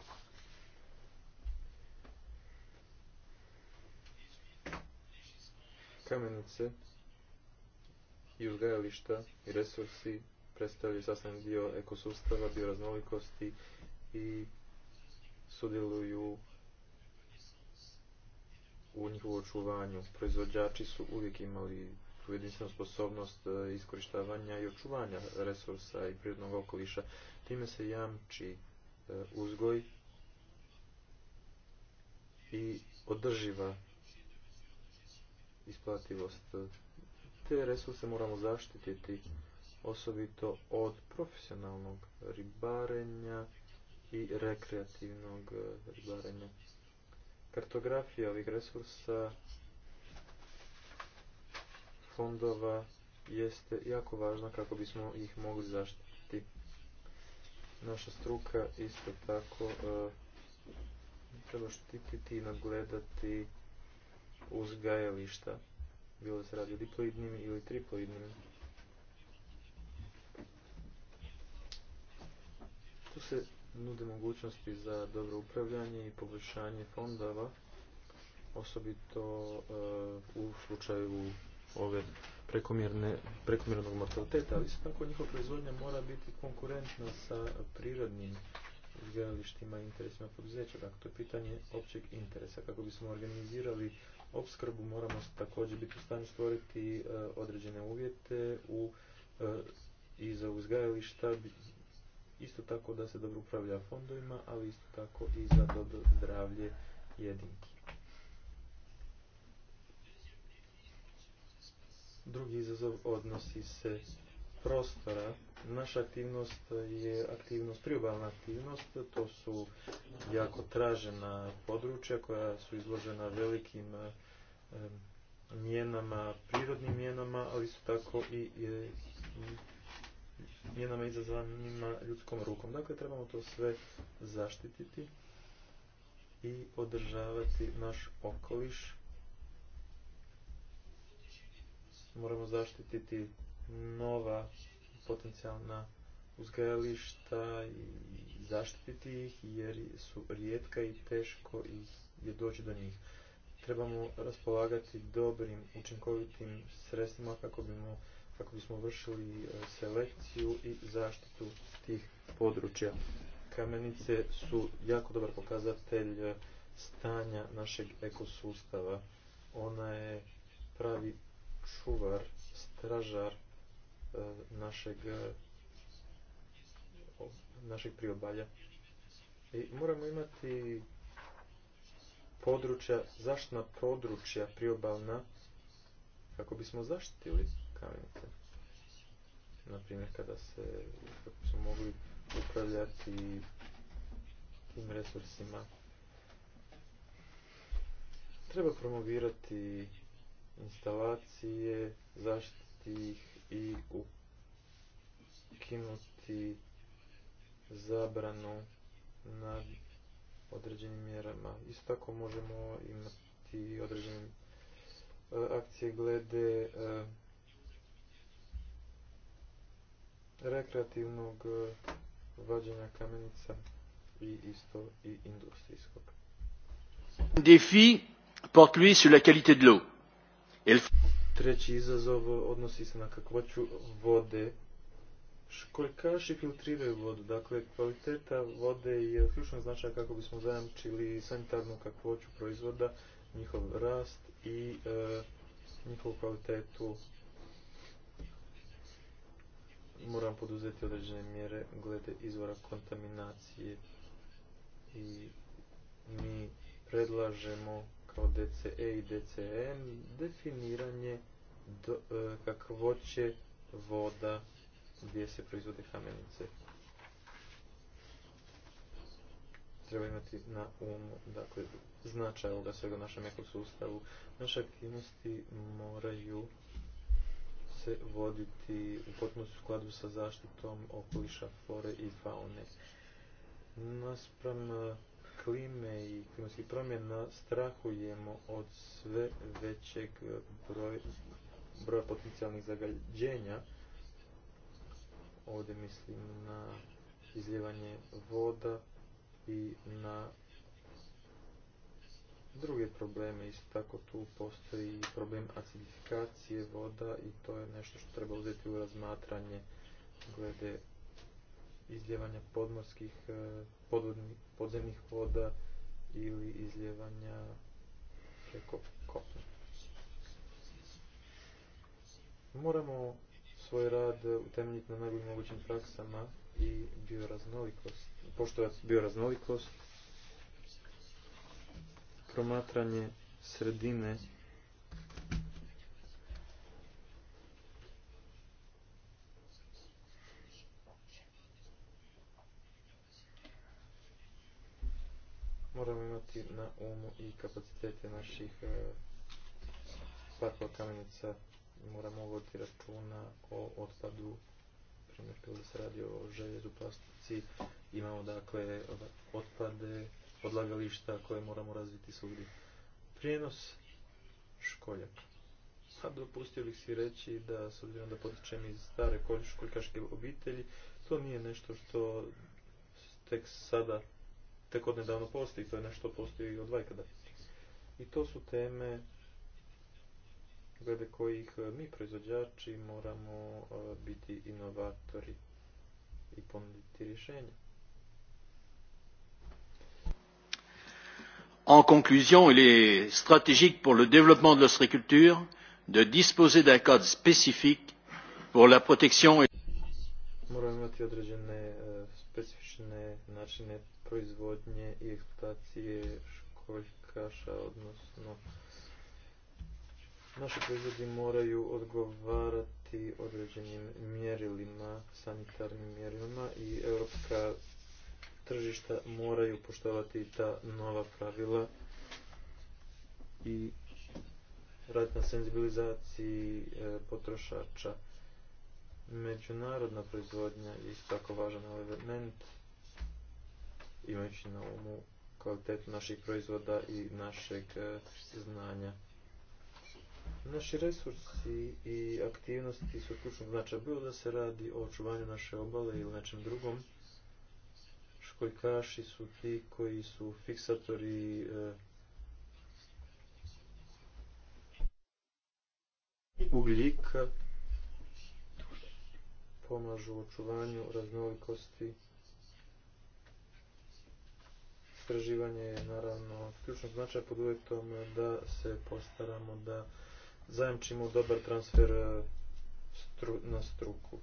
Kamenice i uzgajališta i resursi predstavljaju sastavni dio ekosustava, bioraznolikosti i sudjeluju u njihovu očuvanju. Proizvođači su uvijek imali tu jedinstvenu sposobnost e, iskorištavanja i očuvanja resursa i prirodnog okoliša. Time se jamči e, uzgoj i održiva isplativost. Te resurse moramo zaštititi osobito od profesionalnog ribarenja i rekreativnog e, ribarenja kartografija ovih resursa fondova jeste jako važna kako bismo ih mogli zaštititi. Naša struka isto tako e, treba štititi i nadgledati uzgajališta, bilo se radi diploidnim ili triploidnim. Tu se nude mogućnosti za dobro upravljanje i poboljšanje fondova, osobito e, u slučaju ove prekomjerne, prekomjernog mortaliteta, ali isto tako njihova proizvodnja mora biti konkurentna sa prirodnim uzgajalištima i interesima poduzeća. Dakle, to je pitanje općeg interesa. Kako bismo organizirali opskrbu, moramo također biti u stanju stvoriti e, određene uvjete u, e, i za uzgajališta isto tako da se dobro upravlja fondovima, ali isto tako i za dobro zdravlje jedinki. Drugi izazov odnosi se prostora. Naša aktivnost je aktivnost, priobalna aktivnost, to su jako tražena područja koja su izložena velikim eh, mjenama, prirodnim mjenama, ali isto tako i eh, mijenama izazvanima ljudskom rukom. Dakle, trebamo to sve zaštititi i održavati naš okoliš. Moramo zaštititi nova potencijalna uzgajališta i zaštititi ih jer su rijetka i teško je doći do njih. Trebamo raspolagati dobrim, učinkovitim sredstvima kako bismo kako bismo vršili e, selekciju i zaštitu tih područja. Kamenice su jako dobar pokazatelj e, stanja našeg ekosustava. Ona je pravi čuvar, stražar e, našeg našeg priobalja. I moramo imati područja, zaštna područja priobalna kako bismo zaštitili na Naprimjer, kada se, su mogli upravljati tim resursima. Treba promovirati instalacije, zaštiti ih i ukinuti zabranu na određenim mjerama. Isto tako možemo imati određene e, akcije glede e, rekreativnog eh, vađenja kamenica i isto i industrijskog. Defi lui sur la qualité de l'eau. Treći izazov odnosi se na kakvoću vode. Školjkaši filtriraju vodu, dakle kvaliteta vode je ključna značaja kako bismo zajamčili sanitarnu kakvoću proizvoda, njihov rast i eh, njihovu kvalitetu moram poduzeti određene mjere glede izvora kontaminacije i mi predlažemo kao DCE i DCN e definiranje do, e, kakvoće voda gdje se proizvode kamenice. Treba imati na umu dakle, značaj ovoga svega u našem ekosustavu. Naše aktivnosti moraju se voditi u potpunosti u skladu sa zaštitom okoliša, flore i faune. Naspram e, klime i klimatskih promjena strahujemo od sve većeg e, broja, potencijalnih zagađenja. Ovdje mislim na izljevanje voda i na druge probleme. Isto tako tu postoji problem acidifikacije voda i to je nešto što treba uzeti u razmatranje glede izljevanja podmorskih e, podzemnih voda ili izljevanja preko kopna. Moramo svoj rad utemeljiti na najboljim mogućim praksama i bioraznolikost, poštovati bioraznolikost promatranje sredine moramo imati na umu i kapacitete naših e, parkova kamenica moramo voditi računa o otpadu primjer kada se radi o željezu plastici imamo dakle otpade odlagališta koje moramo razviti svugdje. Prijenos školjaka. Sad dopustio bih si reći da, s obzirom da potičem iz stare školjkaške obitelji, to nije nešto što tek sada, tek od nedavno postoji, to je nešto postoji od vajkada. I to su teme glede kojih mi proizvođači moramo e, biti inovatori i ponuditi rješenja. en conclusion il est stratégique pour le développement de l'ostréiculture de disposer d'un code spécifique pour la protection et moramo imati određene e, specifične načine proizvodnje i eksploatacije školjkaša, odnosno naši proizvodi moraju odgovarati određenim mjerilima, sanitarnim mjerilima i Europska tržišta moraju poštovati ta nova pravila i raditi na senzibilizaciji e, potrošača. Međunarodna proizvodnja je isto tako važan element, imajući na umu kvalitetu naših proizvoda i našeg e, znanja. Naši resursi i aktivnosti su ključno značaj bilo da se radi o očuvanju naše obale ili nečem drugom školjkaši su ti koji su fiksatori eh, ugljika pomažu u očuvanju raznolikosti. Istraživanje je naravno ključno značaj pod uvjetom da se postaramo da zajamčimo dobar transfer eh, na struku.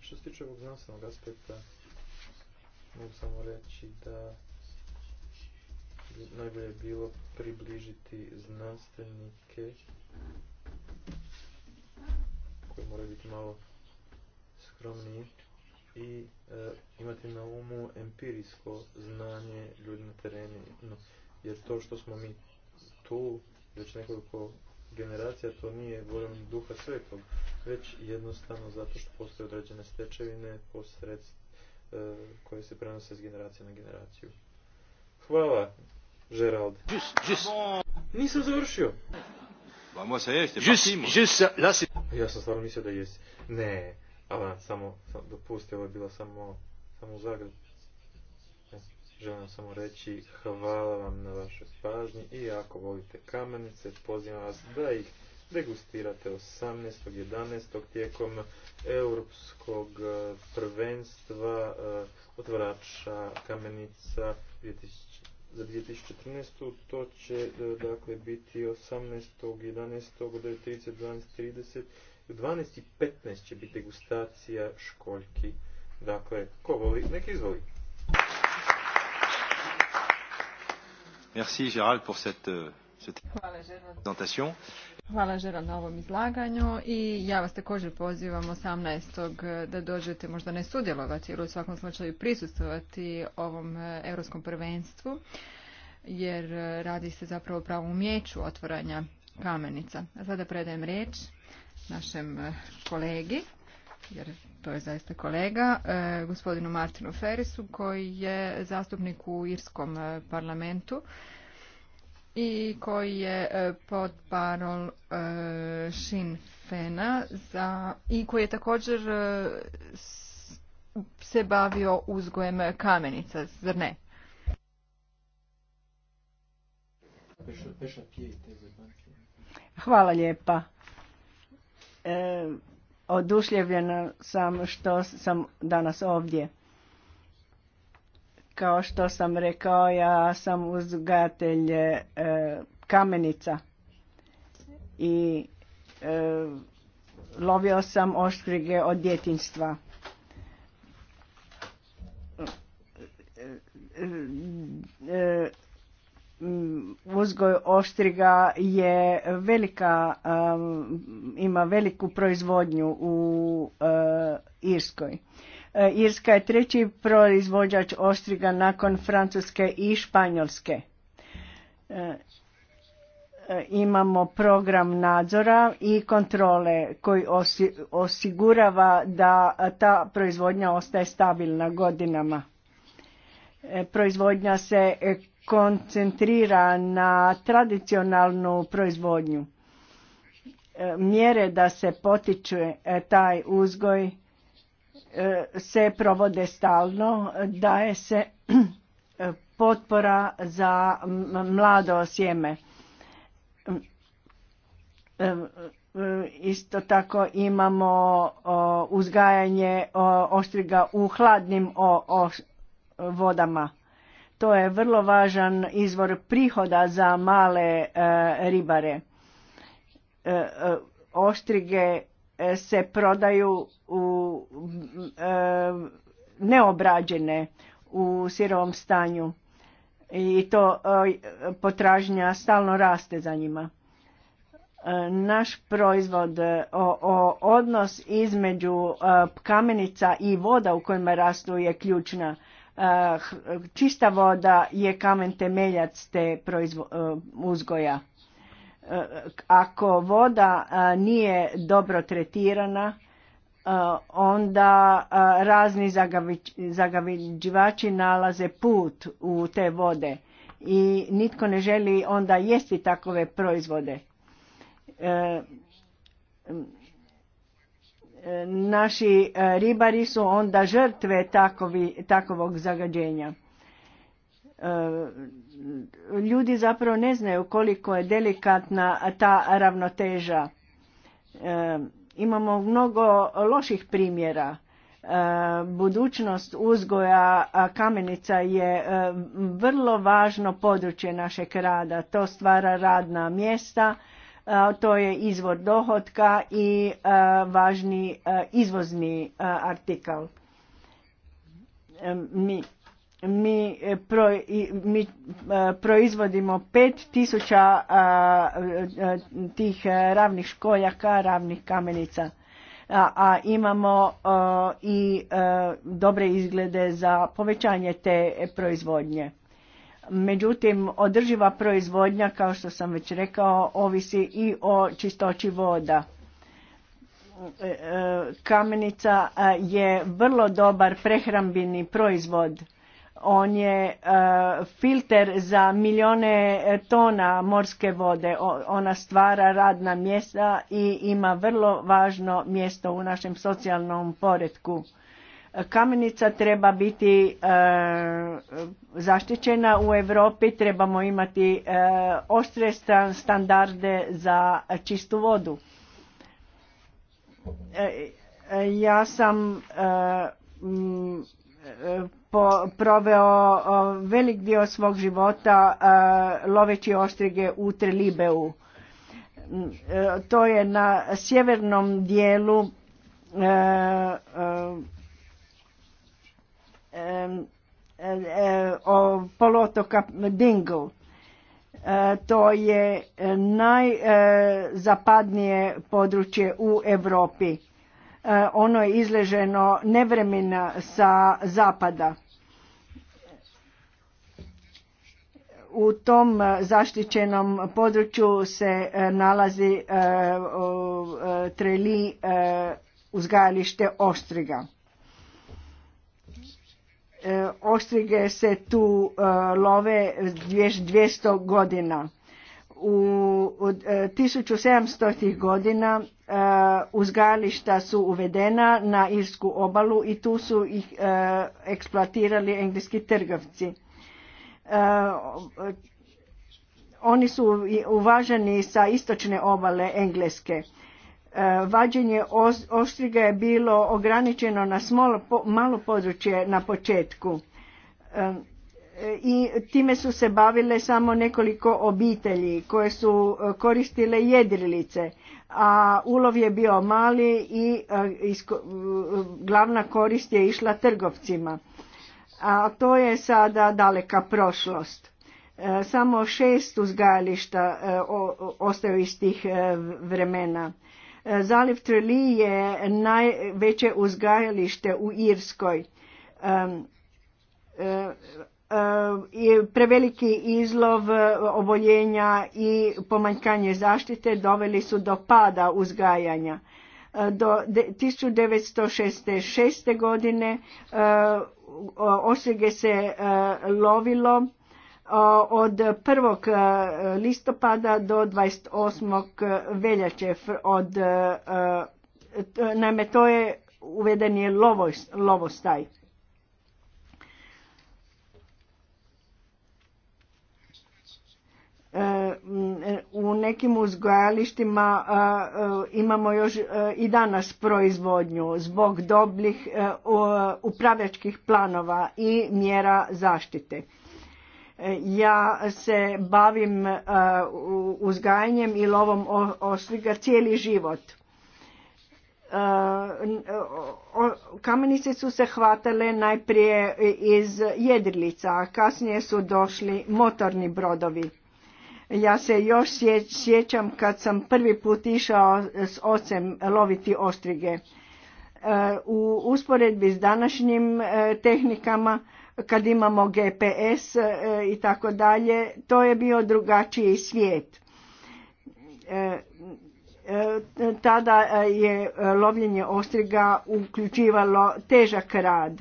Što se tiče ovog znanstvenog aspekta, mogu samo reći da najbolje je bilo približiti znanstvenike koji moraju biti malo skromniji i e, imati na umu empirijsko znanje ljudi na terenu. jer to što smo mi tu već nekoliko generacija, to nije voljom duha svetog, već jednostavno zato što postoje određene stečevine posredstva E, koje se prenose s generacije na generaciju. Hvala, Gerald. Nisam završio. Pa ja sam stvarno mislio da jesi. Ne, ali samo, sam, dopusti, ovo je bilo samo, samo zagrad. E, želim samo reći hvala vam na vašoj pažnji i ako volite kamenice, pozivam vas da ih degustirate 18.11. tijekom europskog e, prvenstva e, otvarača kamenica 2000 za 2014. To će e, dakle biti 18.11. u 9.30 u 12.15 će biti degustacija školjki. Dakle, ko voli, nek izvoli. Merci Gérald pour cette euh, Hvala Žero na ovom izlaganju i ja vas također pozivam 18. da dođete možda ne sudjelovati ili u svakom slučaju prisustovati ovom e, europskom prvenstvu jer e, radi se zapravo o umjeću otvoranja kamenica. A sada predajem riječ našem e, kolegi jer to je zaista kolega, gospodinu Martinu Ferisu, koji je zastupnik u Irskom parlamentu i koji je e, pod parol e, Sinn Fena i koji je također e, se bavio uzgojem kamenica, zar ne? Hvala lijepa. odušljevljena sam što sam danas ovdje. Kao što sam rekao, ja sam uzgajatelj e, kamenica i e, lovio sam oštrige od djetinstva. E, e, uzgoj oštriga je velika, ima veliku proizvodnju u Irskoj. E, Irska je treći proizvođač ostriga nakon Francuske i Španjolske. E, e, imamo program nadzora i kontrole koji osigurava da ta proizvodnja ostaje stabilna godinama. Proizvodnja se koncentrira na tradicionalnu proizvodnju. Mjere da se potiče taj uzgoj se provode stalno, daje se potpora za mlado sjeme. Isto tako imamo uzgajanje ostriga u hladnim vodama. To je vrlo važan izvor prihoda za male e, ribare. E, e, ostrige se prodaju u e, neobrađene u sirovom stanju i to e, potražnja stalno raste za njima. E, naš proizvod, o, odnos između kamenica i voda u kojima rastu je ključna. Čista voda je kamen temeljac te uzgoja. Ako voda nije dobro tretirana, onda razni zagađivači nalaze put u te vode i nitko ne želi onda jesti takove proizvode. E, e, naši e, ribari su onda žrtve takovog zagađenja. E, ljudi zapravo ne znaju koliko je delikatna ta ravnoteža. E, imamo mnogo loših primjera. E, budućnost uzgoja kamenica je vrlo važno područje našeg rada. To stvara radna mjesta, to je izvor dohotka i važni izvozni artikal. Mi mi, eh, eh, proizvodimo mi proizvodimo eh, tih ravnih školjaka, ravnih kamenica, a, imamo i dobre izglede za povećanje te proizvodnje. Međutim, održiva proizvodnja, kao što sam već rekao, ovisi i o čistoći voda kamenica je vrlo dobar prehrambeni proizvod on je e, filter za milijone e, tona morske vode ona stvara radna mjesta i ima vrlo važno mjesto u našem socijalnom poredku. kamenica treba biti e, zaštićena u Europi trebamo imati oštre standarde za čistu vodu ja sam po, proveo velik dio svog života e, loveći oštrige u Trelibeu. E, to je na sjevernom dijelu e, o polotoka Dingle. To je najzapadnije područje u Europi E, ono je izleženo nevremena sa zapada. U tom zaštićenom području se e, nalazi e, treli uzgajalište ostriga. Ostrige se tu love 200 godina. U 1700. godina Eh, uzgajališta su uvedena na irsku obalu i tu su ih eh, eksploatirali engleski trgovci. Eh, oni su uvaženi sa istočne obale engleske. Vađenje Ostriga je bilo ograničeno na malo područje na početku i time su se bavile samo nekoliko obitelji koje su koristile jedrilice a ulov je bio mali i e, glavna korist je išla trgovcima. A to je sada daleka prošlost. E, samo šest uzgajališta e, ostaju iz tih vremena. Zaliv Treli je najveće uzgajalište u Irskoj preveliki izlov e, oboljenja i pomanjkanje zaštite doveli su do pada uzgajanja. E, do 1966. godine e, osjege se lovilo od 1. listopada do 28. veljače od naime to je uveden je lovostaj u nekim uzgojalištima imamo još e, i danas proizvodnju zbog dobrih e, upravljačkih planova i mjera zaštite. E, ja se bavim uzgajanjem i lovom osviga cijeli život. Kamenice su se hvatale najprije iz jedrilica, a kasnije su došli motorni brodovi ja se još sjećam kad sam prvi put išao s ocem loviti ostrige. E, u usporedbi s današnjim e, tehnikama, kad imamo GPS e, i tako dalje, to je bio drugačiji svijet. Tada je lovljenje ostriga uključivalo težak rad.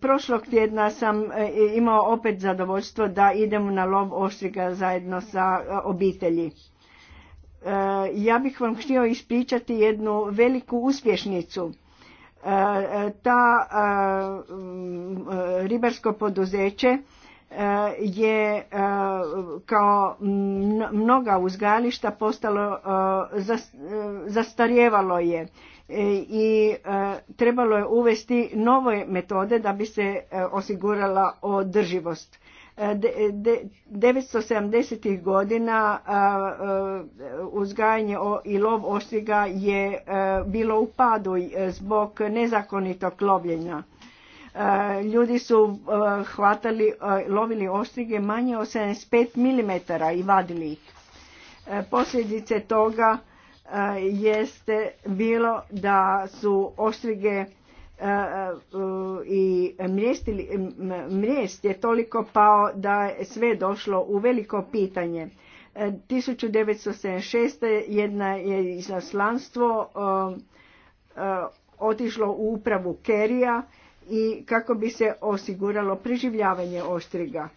Prošlog tjedna sam e, imao opet zadovoljstvo da idem na lov oštriga zajedno sa e, obitelji. E, ja bih vam htio ispričati jednu veliku uspješnicu. Ta ribarsko poduzeće je kao mnoga uzgajališta postalo zastarjevalo je i e, trebalo je uvesti nove metode da bi se e, osigurala održivost. 970. E, godina uzgajanje i lov osiga je bilo u padu zbog nezakonitog lovljenja. Ljudi su hvatali, lovili ostige manje od 75 mm i vadili ih. Posljedice toga Eh, jeste bilo da su ostrige eh, eh, i mjest je toliko pao da je sve došlo u veliko pitanje. 1976. jedna je izaslanstvo otišlo u upravu Kerija i kako bi se osiguralo preživljavanje ostriga.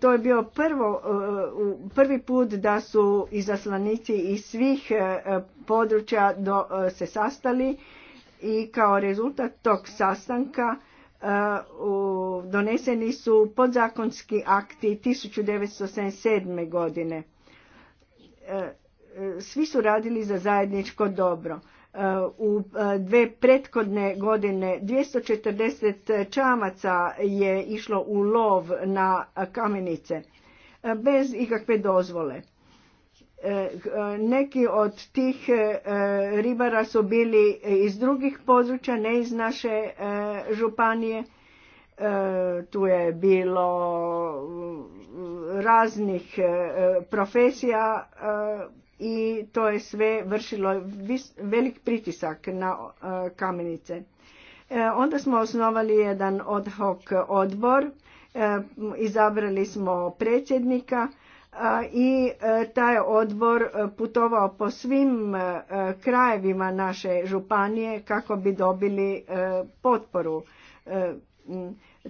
To je bio prvo, e, prvi put da su izaslanici iz svih e, područja do, e, se sastali i kao rezultat tog sastanka doneseni su podzakonski akti 1977. godine. Svi su radili za zajedničko dobro u e, dve prethodne godine 240 čamaca je išlo u lov na kamenice e, bez ikakve dozvole. E, neki od tih ribara su bili iz drugih područja, ne iz naše županije. Tu je bilo raznih profesija i to je sve vršilo velik pritisak na e, kamenice. E, onda smo osnovali jedan ad hoc odbor, e, izabrali smo predsjednika i taj odbor putovao po svim krajevima naše županije kako bi dobili potporu.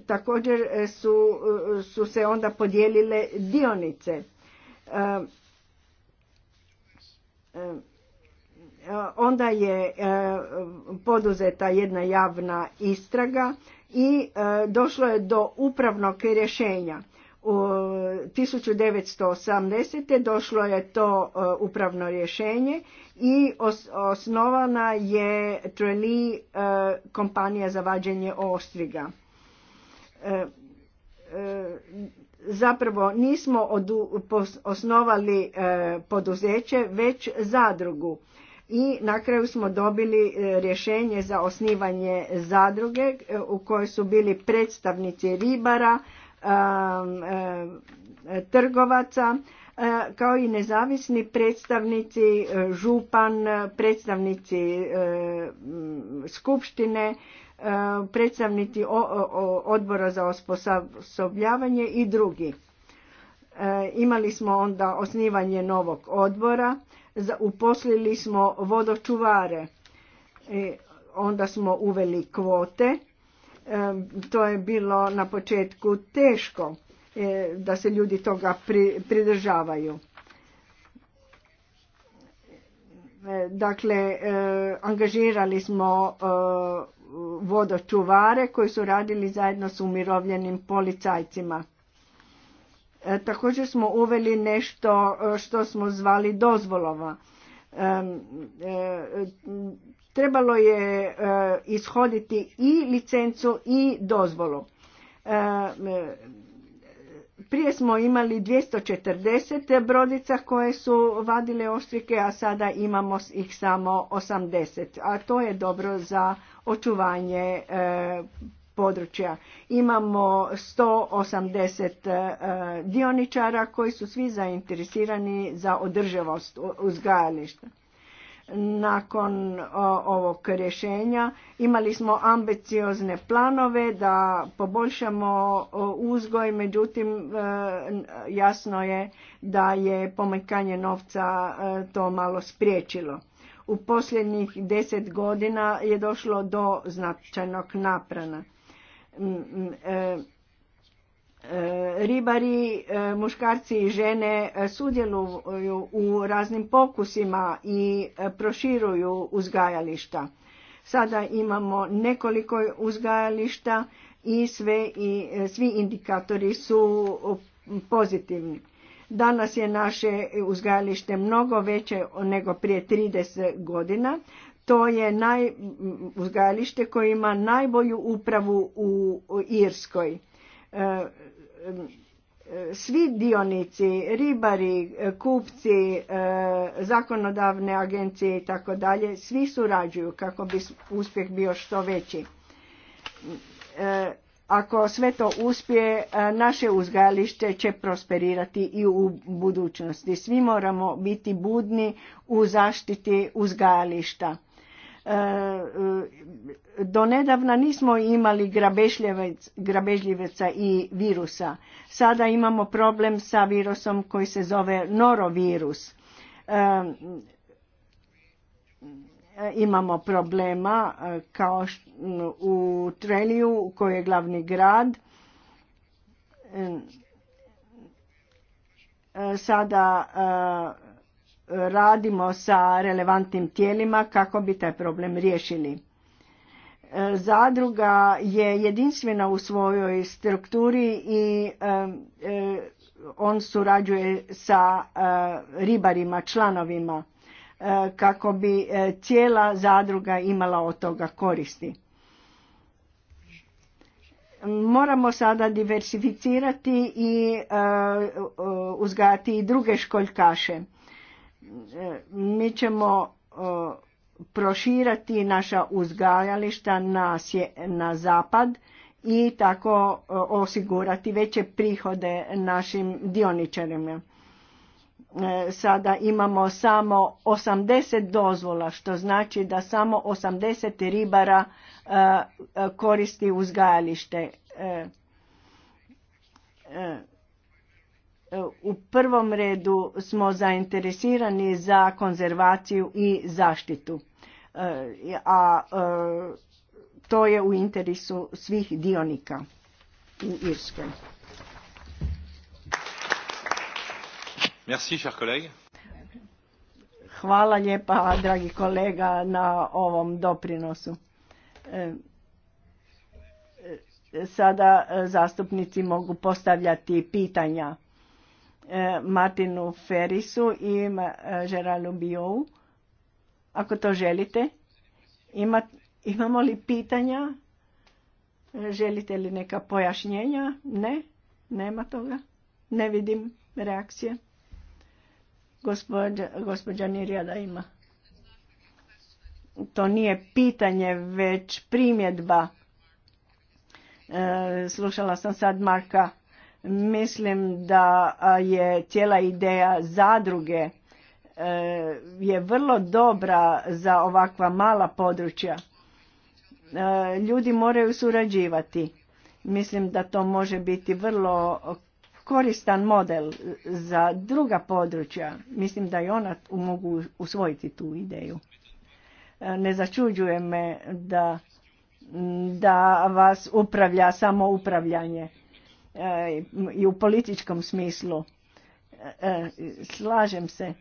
Također su, su se onda podijelile dionice E, onda je e, poduzeta jedna javna istraga i e, došlo je do upravnog rješenja. U 1980. došlo je to upravno rješenje i osnovana je Treli kompanija za vađenje ostriga zapravo nismo odu, osnovali e, poduzeće već zadrugu i na kraju smo dobili e, rješenje za osnivanje zadruge e, u kojoj su bili predstavnici ribara trgovaca kao i nezavisni predstavnici župan predstavnici skupštine predstavnici odbora za osposobljavanje i drugi. E, imali smo onda osnivanje novog odbora, uposlili smo vodočuvare, e, onda smo uveli kvote, e, to je bilo na početku teško da se ljudi toga pridržavaju. Dakle, angažirali smo vodočuvare koji su radili zajedno s umirovljenim policajcima. E, također smo uveli nešto e, što smo zvali dozvolova. E, trebalo je ishoditi i licencu i dozvolu. Prije smo imali 240 brodica koje su vadile ostrike, a sada imamo ih samo 80. A to je dobro za očuvanje e, područja. Imamo 180 e, dioničara koji su svi zainteresirani za održavost uzgajališta. Nakon ovog rješenja imali smo ambiciozne planove da poboljšamo uzgoj, međutim e, jasno je da je pomekanje novca to malo spriječilo u posljednjih deset godina je došlo do značajnog naprana. Mm, mm, e, e, ribari, e, muškarci i žene sudjeluju u raznim pokusima i proširuju uzgajališta. Sada imamo nekoliko uzgajališta i sve i svi indikatori su pozitivni. Danas je naše uzgajalište mnogo veće nego prije 30 godina. To je naj, uzgajalište koje ima najbolju upravu u Irskoj. E, e, svi dionici, ribari, kupci, e, zakonodavne agencije i tako dalje, svi surađuju kako bi uspjeh bio što veći. Ako sve to uspije, e, naše uzgajalište će prosperirati i u budućnosti. Svi moramo biti budni u zaštiti uzgajališta. E, e, do nedavna nismo imali grabežljiveca i virusa. Sada imamo problem sa virusom koji se zove norovirus imamo problema e, kao u Treliju koji je glavni grad. E, e, sada radimo sa relevantnim tijelima kako bi taj problem riješili. Zadruga je jedinstvena u svojoj strukturi i on surađuje sa ribarima, članovima E, kako bi e, cijela zadruga imala od toga koristi. Moramo sada diversificirati i e, uzgajati i druge školjkaše. Mi ćemo proširati naša uzgajališta na, na zapad i tako osigurati veće prihode našim dioničarima. E, sada imamo samo 80 dozvola, što znači da samo 80 ribara e, e, koristi uzgajalište. U prvom redu smo zainteresirani za konzervaciju i zaštitu, a to je u interesu svih dionika u Irskoj. Hvala lijepa, dragi kolega, na ovom doprinosu. E, e, sada zastupnici mogu postavljati pitanja e, Martinu Ferisu i Žeralu biou, Ako to želite, imamo li pitanja? Želite li neka pojašnjenja? Ne, nema toga. Ne vidim reakcije. Gospođa, Nirija Nirjada ima. To nije pitanje, već primjedba. E, slušala sam sad Marka. Mislim da je cijela ideja zadruge e, je vrlo dobra za ovakva mala područja. E, ljudi moraju surađivati. Mislim da to može biti vrlo koristan model za druga područja. Mislim da i ona mogu usvojiti tu ideju. E, ne začuđuje me da, da vas upravlja samo upravljanje e, i u političkom smislu. E, slažem se,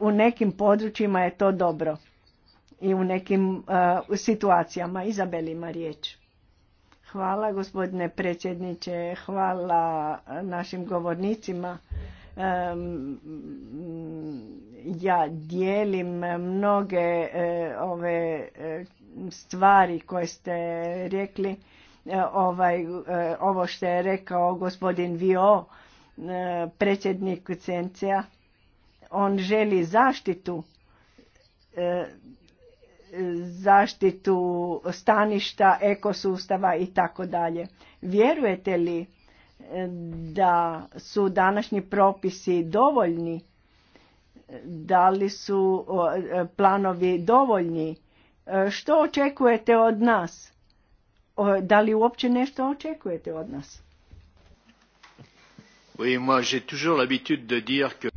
u nekim područjima je to dobro i u nekim situacijama. Izabelima riječ. Hvala gospodine predsjedniče, hvala našim govornicima. Ja dijelim mnoge e, ove e, stvari koje ste rekli, e, ovaj, ovo što je rekao gospodin Vio, predsjednik Cencija, on želi zaštitu zaštitu staništa, ekosustava i tako dalje. Vjerujete li e, da su današnji propisi dovoljni? Da li su e, planovi dovoljni? E, što očekujete od nas? Da li uopće nešto očekujete od nas? Oui, moi j'ai toujours l'habitude de dire que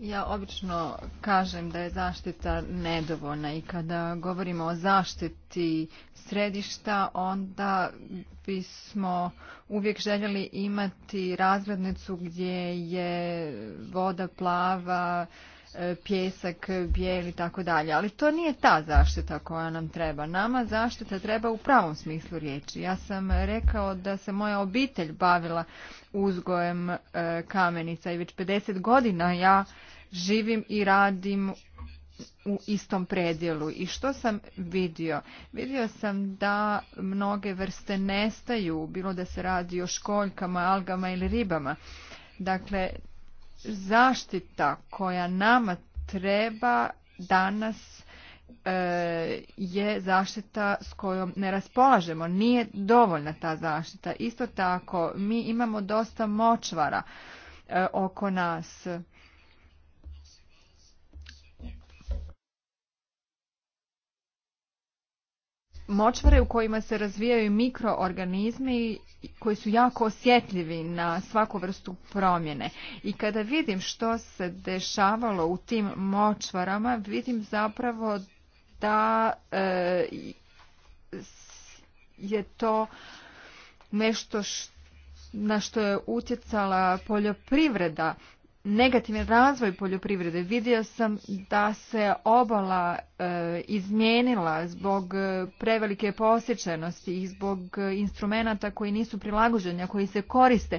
ja obično kažem da je zaštita nedovoljna i kada govorimo o zaštiti središta, onda bismo uvijek željeli imati razrednicu gdje je voda plava, pjesak, bijel i tako dalje. Ali to nije ta zaštita koja nam treba. Nama zaštita treba u pravom smislu riječi. Ja sam rekao da se moja obitelj bavila uzgojem e, kamenica i već 50 godina ja živim i radim u istom predjelu. I što sam vidio? Vidio sam da mnoge vrste nestaju, bilo da se radi o školjkama, algama ili ribama. Dakle, zaštita koja nama treba danas e, je zaštita s kojom ne raspolažemo. Nije dovoljna ta zaštita. Isto tako, mi imamo dosta močvara e, oko nas močvare u kojima se razvijaju mikroorganizmi koji su jako osjetljivi na svaku vrstu promjene. I kada vidim što se dešavalo u tim močvarama, vidim zapravo da e, je to nešto na što je utjecala poljoprivreda negativan razvoj poljoprivrede. Vidio sam da se obala e, izmijenila zbog e, prevelike posjećenosti i zbog e, instrumenata koji nisu prilagođeni, a koji se koriste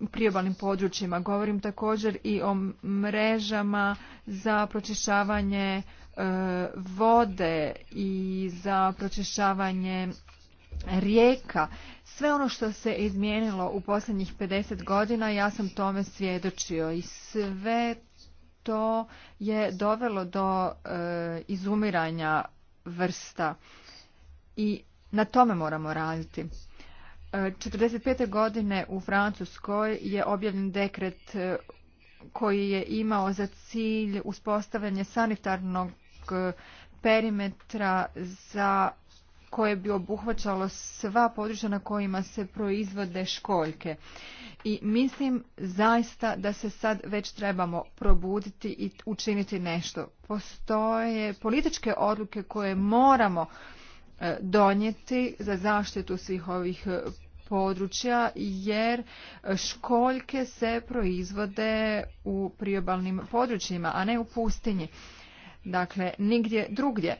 u priobalnim područjima. Govorim također i o mrežama za pročišćavanje vode i za pročišćavanje rijeka, sve ono što se izmijenilo u posljednjih 50 godina, ja sam tome svjedočio i sve to je dovelo do e, izumiranja vrsta i na tome moramo raditi. 45. E, godine u Francuskoj je objavljen dekret e, koji je imao za cilj uspostavljanje sanitarnog perimetra za koje bi obuhvaćalo sva područja na kojima se proizvode školjke. I mislim zaista da se sad već trebamo probuditi i učiniti nešto. Postoje političke odluke koje moramo e, donijeti za zaštitu svih ovih e, područja jer e, školjke se proizvode u priobalnim područjima, a ne u pustinji. Dakle, nigdje drugdje.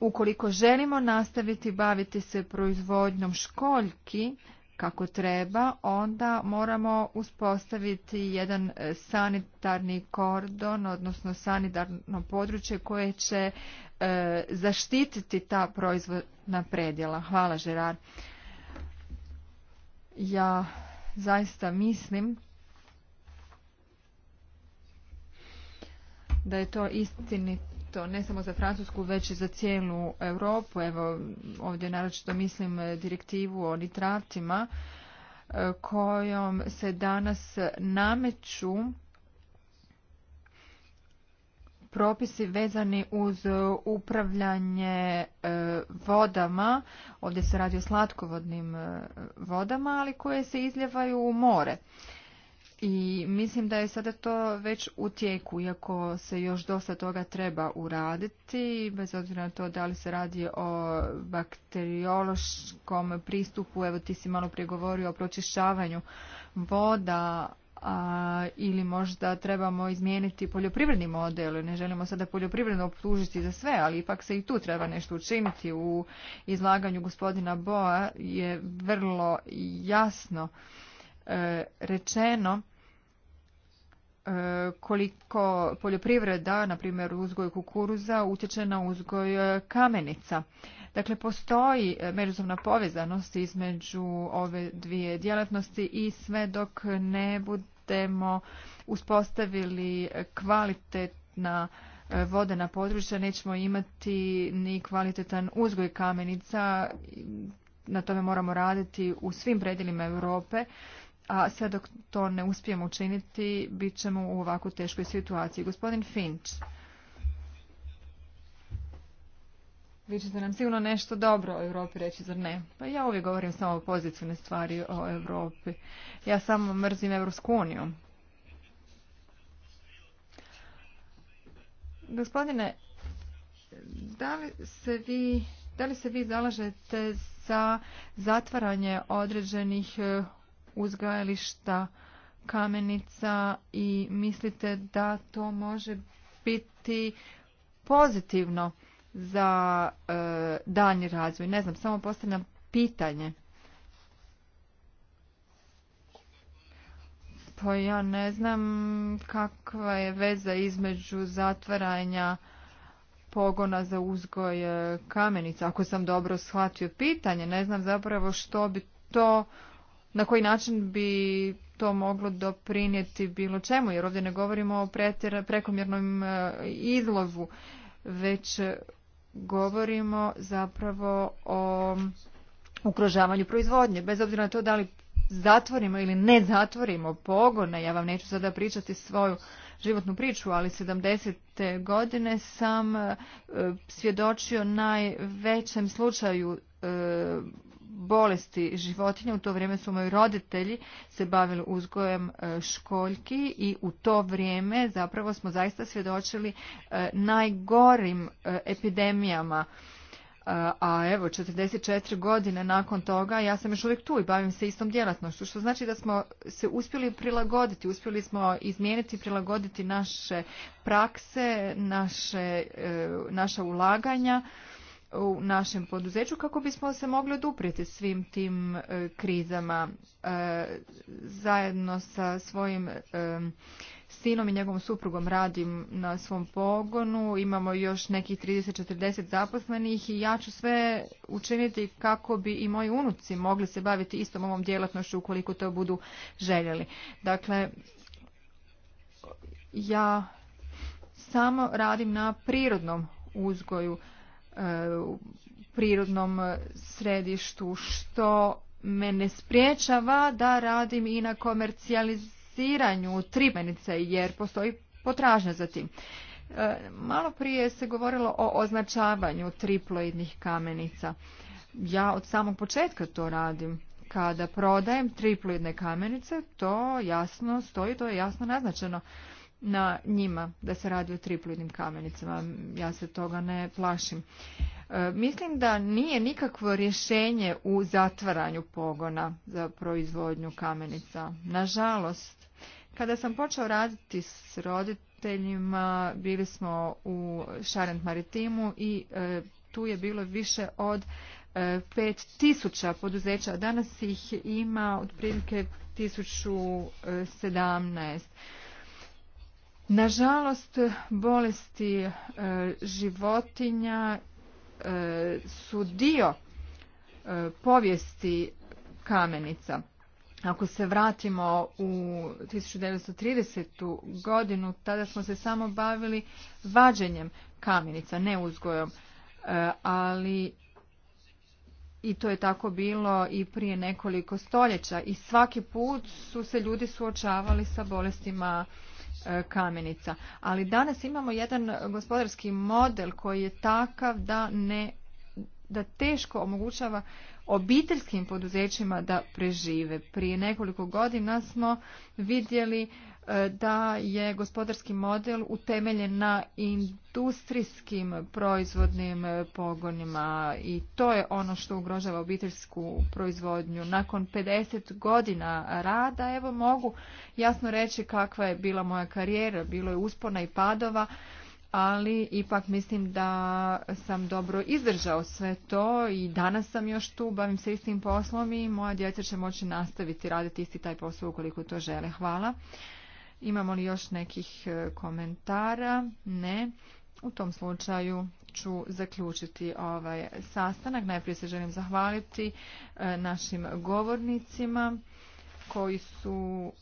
Ukoliko želimo nastaviti baviti se proizvodnjom školjki kako treba, onda moramo uspostaviti jedan e, sanitarni kordon, odnosno sanitarno područje koje će e, zaštititi ta proizvodna predjela. Hvala, Žerar. Ja zaista mislim da je to istinit to ne samo za Francusku, već i za cijelu Europu. Evo, ovdje naročito mislim e, direktivu o nitratima, e, kojom se danas nameću propisi vezani uz upravljanje e, vodama, ovdje se radi o slatkovodnim vodama, ali koje se izljevaju u more i mislim da je sada to već u tijeku, iako se još dosta toga treba uraditi, bez obzira na to da li se radi o bakteriološkom pristupu, evo ti si malo prije govorio o pročišćavanju voda, a, ili možda trebamo izmijeniti poljoprivredni model, ne želimo sada poljoprivredno optužiti za sve, ali ipak se i tu treba nešto učiniti. U izlaganju gospodina Boa je vrlo jasno e, rečeno koliko poljoprivreda, na primjer uzgoj kukuruza, utječe na uzgoj e, kamenica. Dakle, postoji e, međusobna povezanost između ove dvije djelatnosti i sve dok ne budemo uspostavili kvalitetna e, vodena područja, nećemo imati ni kvalitetan uzgoj kamenica. Na tome moramo raditi u svim predjelima Europe a sve dok to ne uspijemo učiniti, bit ćemo u ovako teškoj situaciji. Gospodin Finč, vi ćete nam sigurno nešto dobro o Europi reći, zar ne? Pa ja uvijek govorim samo o pozitivne stvari o Europi. Ja samo mrzim Evropsku uniju. Gospodine, da li se vi da li se vi zalažete za zatvaranje određenih uzgajališta kamenica i mislite da to može biti pozitivno za e, razvoj? Ne znam, samo postavljam pitanje. Pa ja ne znam kakva je veza između zatvaranja pogona za uzgoj e, kamenica. Ako sam dobro shvatio pitanje, ne znam zapravo što bi to na koji način bi to moglo doprinijeti bilo čemu, jer ovdje ne govorimo o prekomjernom e, izlovu, već govorimo zapravo o ukrožavanju proizvodnje. Bez obzira na to da li zatvorimo ili ne zatvorimo pogone, ja vam neću sada pričati svoju životnu priču, ali 70. godine sam e, svjedočio najvećem slučaju e, bolesti životinja. U to vrijeme su moji roditelji se bavili uzgojem e, školjki i u to vrijeme zapravo smo zaista svjedočili e, najgorim e, epidemijama a evo 44 godine nakon toga ja sam još uvijek tu i bavim se istom djelatnošću što znači da smo se uspjeli prilagoditi uspjeli smo izmijeniti i prilagoditi naše prakse naše, naša ulaganja u našem poduzeću kako bismo se mogli oduprijeti svim tim e, krizama e, zajedno sa svojim e, sinom i njegovom suprugom radim na svom pogonu imamo još nekih 30-40 zaposlenih i ja ću sve učiniti kako bi i moji unuci mogli se baviti istom ovom djelatnošću ukoliko to budu željeli dakle ja samo radim na prirodnom uzgoju E, u prirodnom središtu što me ne spriječava da radim i na komercijaliziranju tribenice jer postoji potražnja za tim. E, malo prije se govorilo o označavanju triploidnih kamenica. Ja od samog početka to radim. Kada prodajem triploidne kamenice, to jasno stoji, to je jasno naznačeno na njima da se radi o triploidnim kamenicama. Ja se toga ne plašim. E, mislim da nije nikakvo rješenje u zatvaranju pogona za proizvodnju kamenica. Nažalost, kada sam počeo raditi s roditeljima, bili smo u Šarent Maritimu i e, tu je bilo više od e, 5000 poduzeća, danas ih ima otprilike 1017. Nažalost, bolesti e, životinja e, su dio e, povijesti kamenica. Ako se vratimo u 1930. godinu, tada smo se samo bavili vađenjem kamenica, ne uzgojom, ali i to je tako bilo i prije nekoliko stoljeća i svaki put su se ljudi suočavali sa bolestima E, kamenica. Ali danas imamo jedan gospodarski model koji je takav da ne da teško omogućava obiteljskim poduzećima da prežive. Prije nekoliko godina smo vidjeli da je gospodarski model utemeljen na industrijskim proizvodnim pogonima i to je ono što ugrožava obiteljsku proizvodnju. Nakon 50 godina rada, evo mogu jasno reći kakva je bila moja karijera, bilo je uspona i padova, ali ipak mislim da sam dobro izdržao sve to i danas sam još tu, bavim se istim poslom i moja djeca će moći nastaviti raditi isti taj posao ukoliko to žele. Hvala. Imamo li još nekih e, komentara? Ne. U tom slučaju ću zaključiti ovaj sastanak. Najprije se želim zahvaliti e, našim govornicima koji su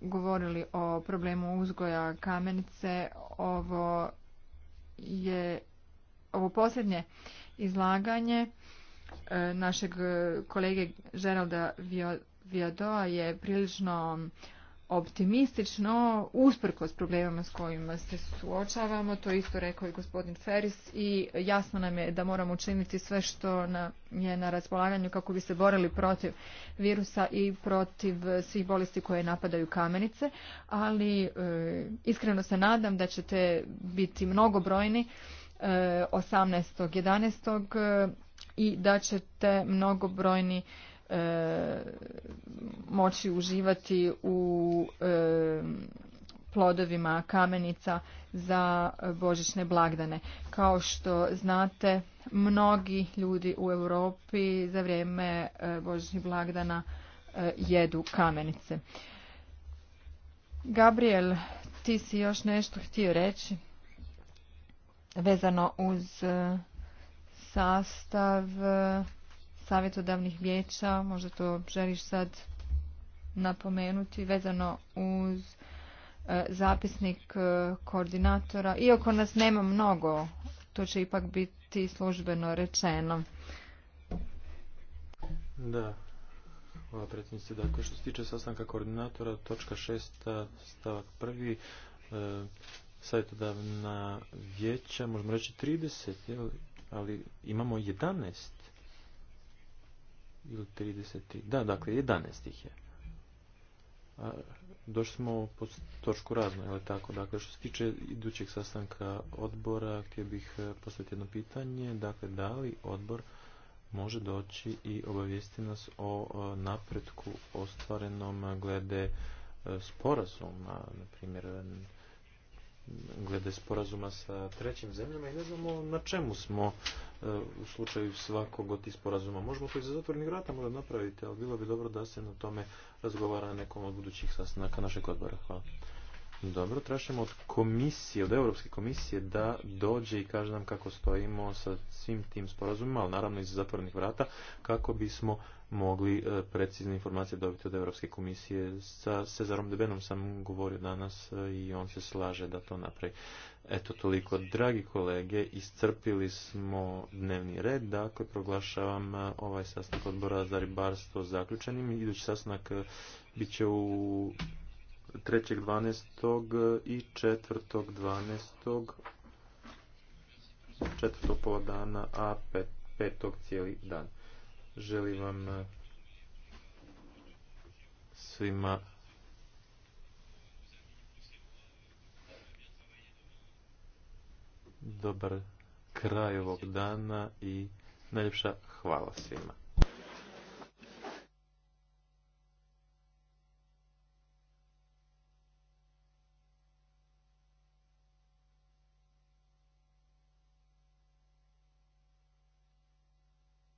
govorili o problemu uzgoja kamenice. Ovo je ovo posljednje izlaganje e, našeg kolege Žeralda Viadoa je prilično optimistično usprkos problemama s kojima se suočavamo. To isto rekao i gospodin Feris i jasno nam je da moramo učiniti sve što nam je na raspolaganju kako bi se borili protiv virusa i protiv svih bolesti koje napadaju kamenice, ali e, iskreno se nadam da ćete biti mnogobrojni e, 18.11. E, i da ćete mnogobrojni E, moći uživati u e, plodovima kamenica za božićne blagdane. Kao što znate, mnogi ljudi u Europi za vrijeme e, božićnih blagdana jedu kamenice. Gabriel, ti si još nešto htio reći vezano uz sastav savjetodavnih vijeća, možda to želiš sad napomenuti, vezano uz e, zapisnik e, koordinatora. Iako nas nema mnogo, to će ipak biti službeno rečeno. Da, hvala predsjednice. Dakle, što se tiče sastanka koordinatora, točka šesta, stavak prvi, e, savjetodavna vijeća, možemo reći 30, jel? ali imamo 11 ili 30. Da, dakle, 11 ih je. A, došli smo pod točku razno, je tako? Dakle, što se tiče idućeg sastanka odbora, htio bih e, postaviti jedno pitanje. Dakle, da li odbor može doći i obavijesti nas o e, napretku ostvarenom glede e, sporazuma, na primjer, glede sporazuma sa trećim zemljama i ne znamo na čemu smo e, u slučaju svakog od tih sporazuma. Možemo to i za zatvornih vrata možda napraviti, ali bilo bi dobro da se na tome razgovara na nekom od budućih sastanaka našeg odbora. Hvala. Dobro, tražimo od komisije, od Europske komisije da dođe i kaže nam kako stojimo sa svim tim sporazumima, ali naravno iz zatvorenih vrata, kako bismo mogli e, precizne informacije dobiti od Europske komisije. Sa Cezarom Debenom sam govorio danas e, i on se slaže da to napravi. Eto toliko, dragi kolege, iscrpili smo dnevni red, dakle proglašavam e, ovaj sastanak odbora za ribarstvo zaključenim. Idući sastanak bit će u 3.12. i 4.12. četvrto pola dana, a petog cijeli dan. Želim vam eh, svima dobar kraj ovog dana i najljepša hvala svima.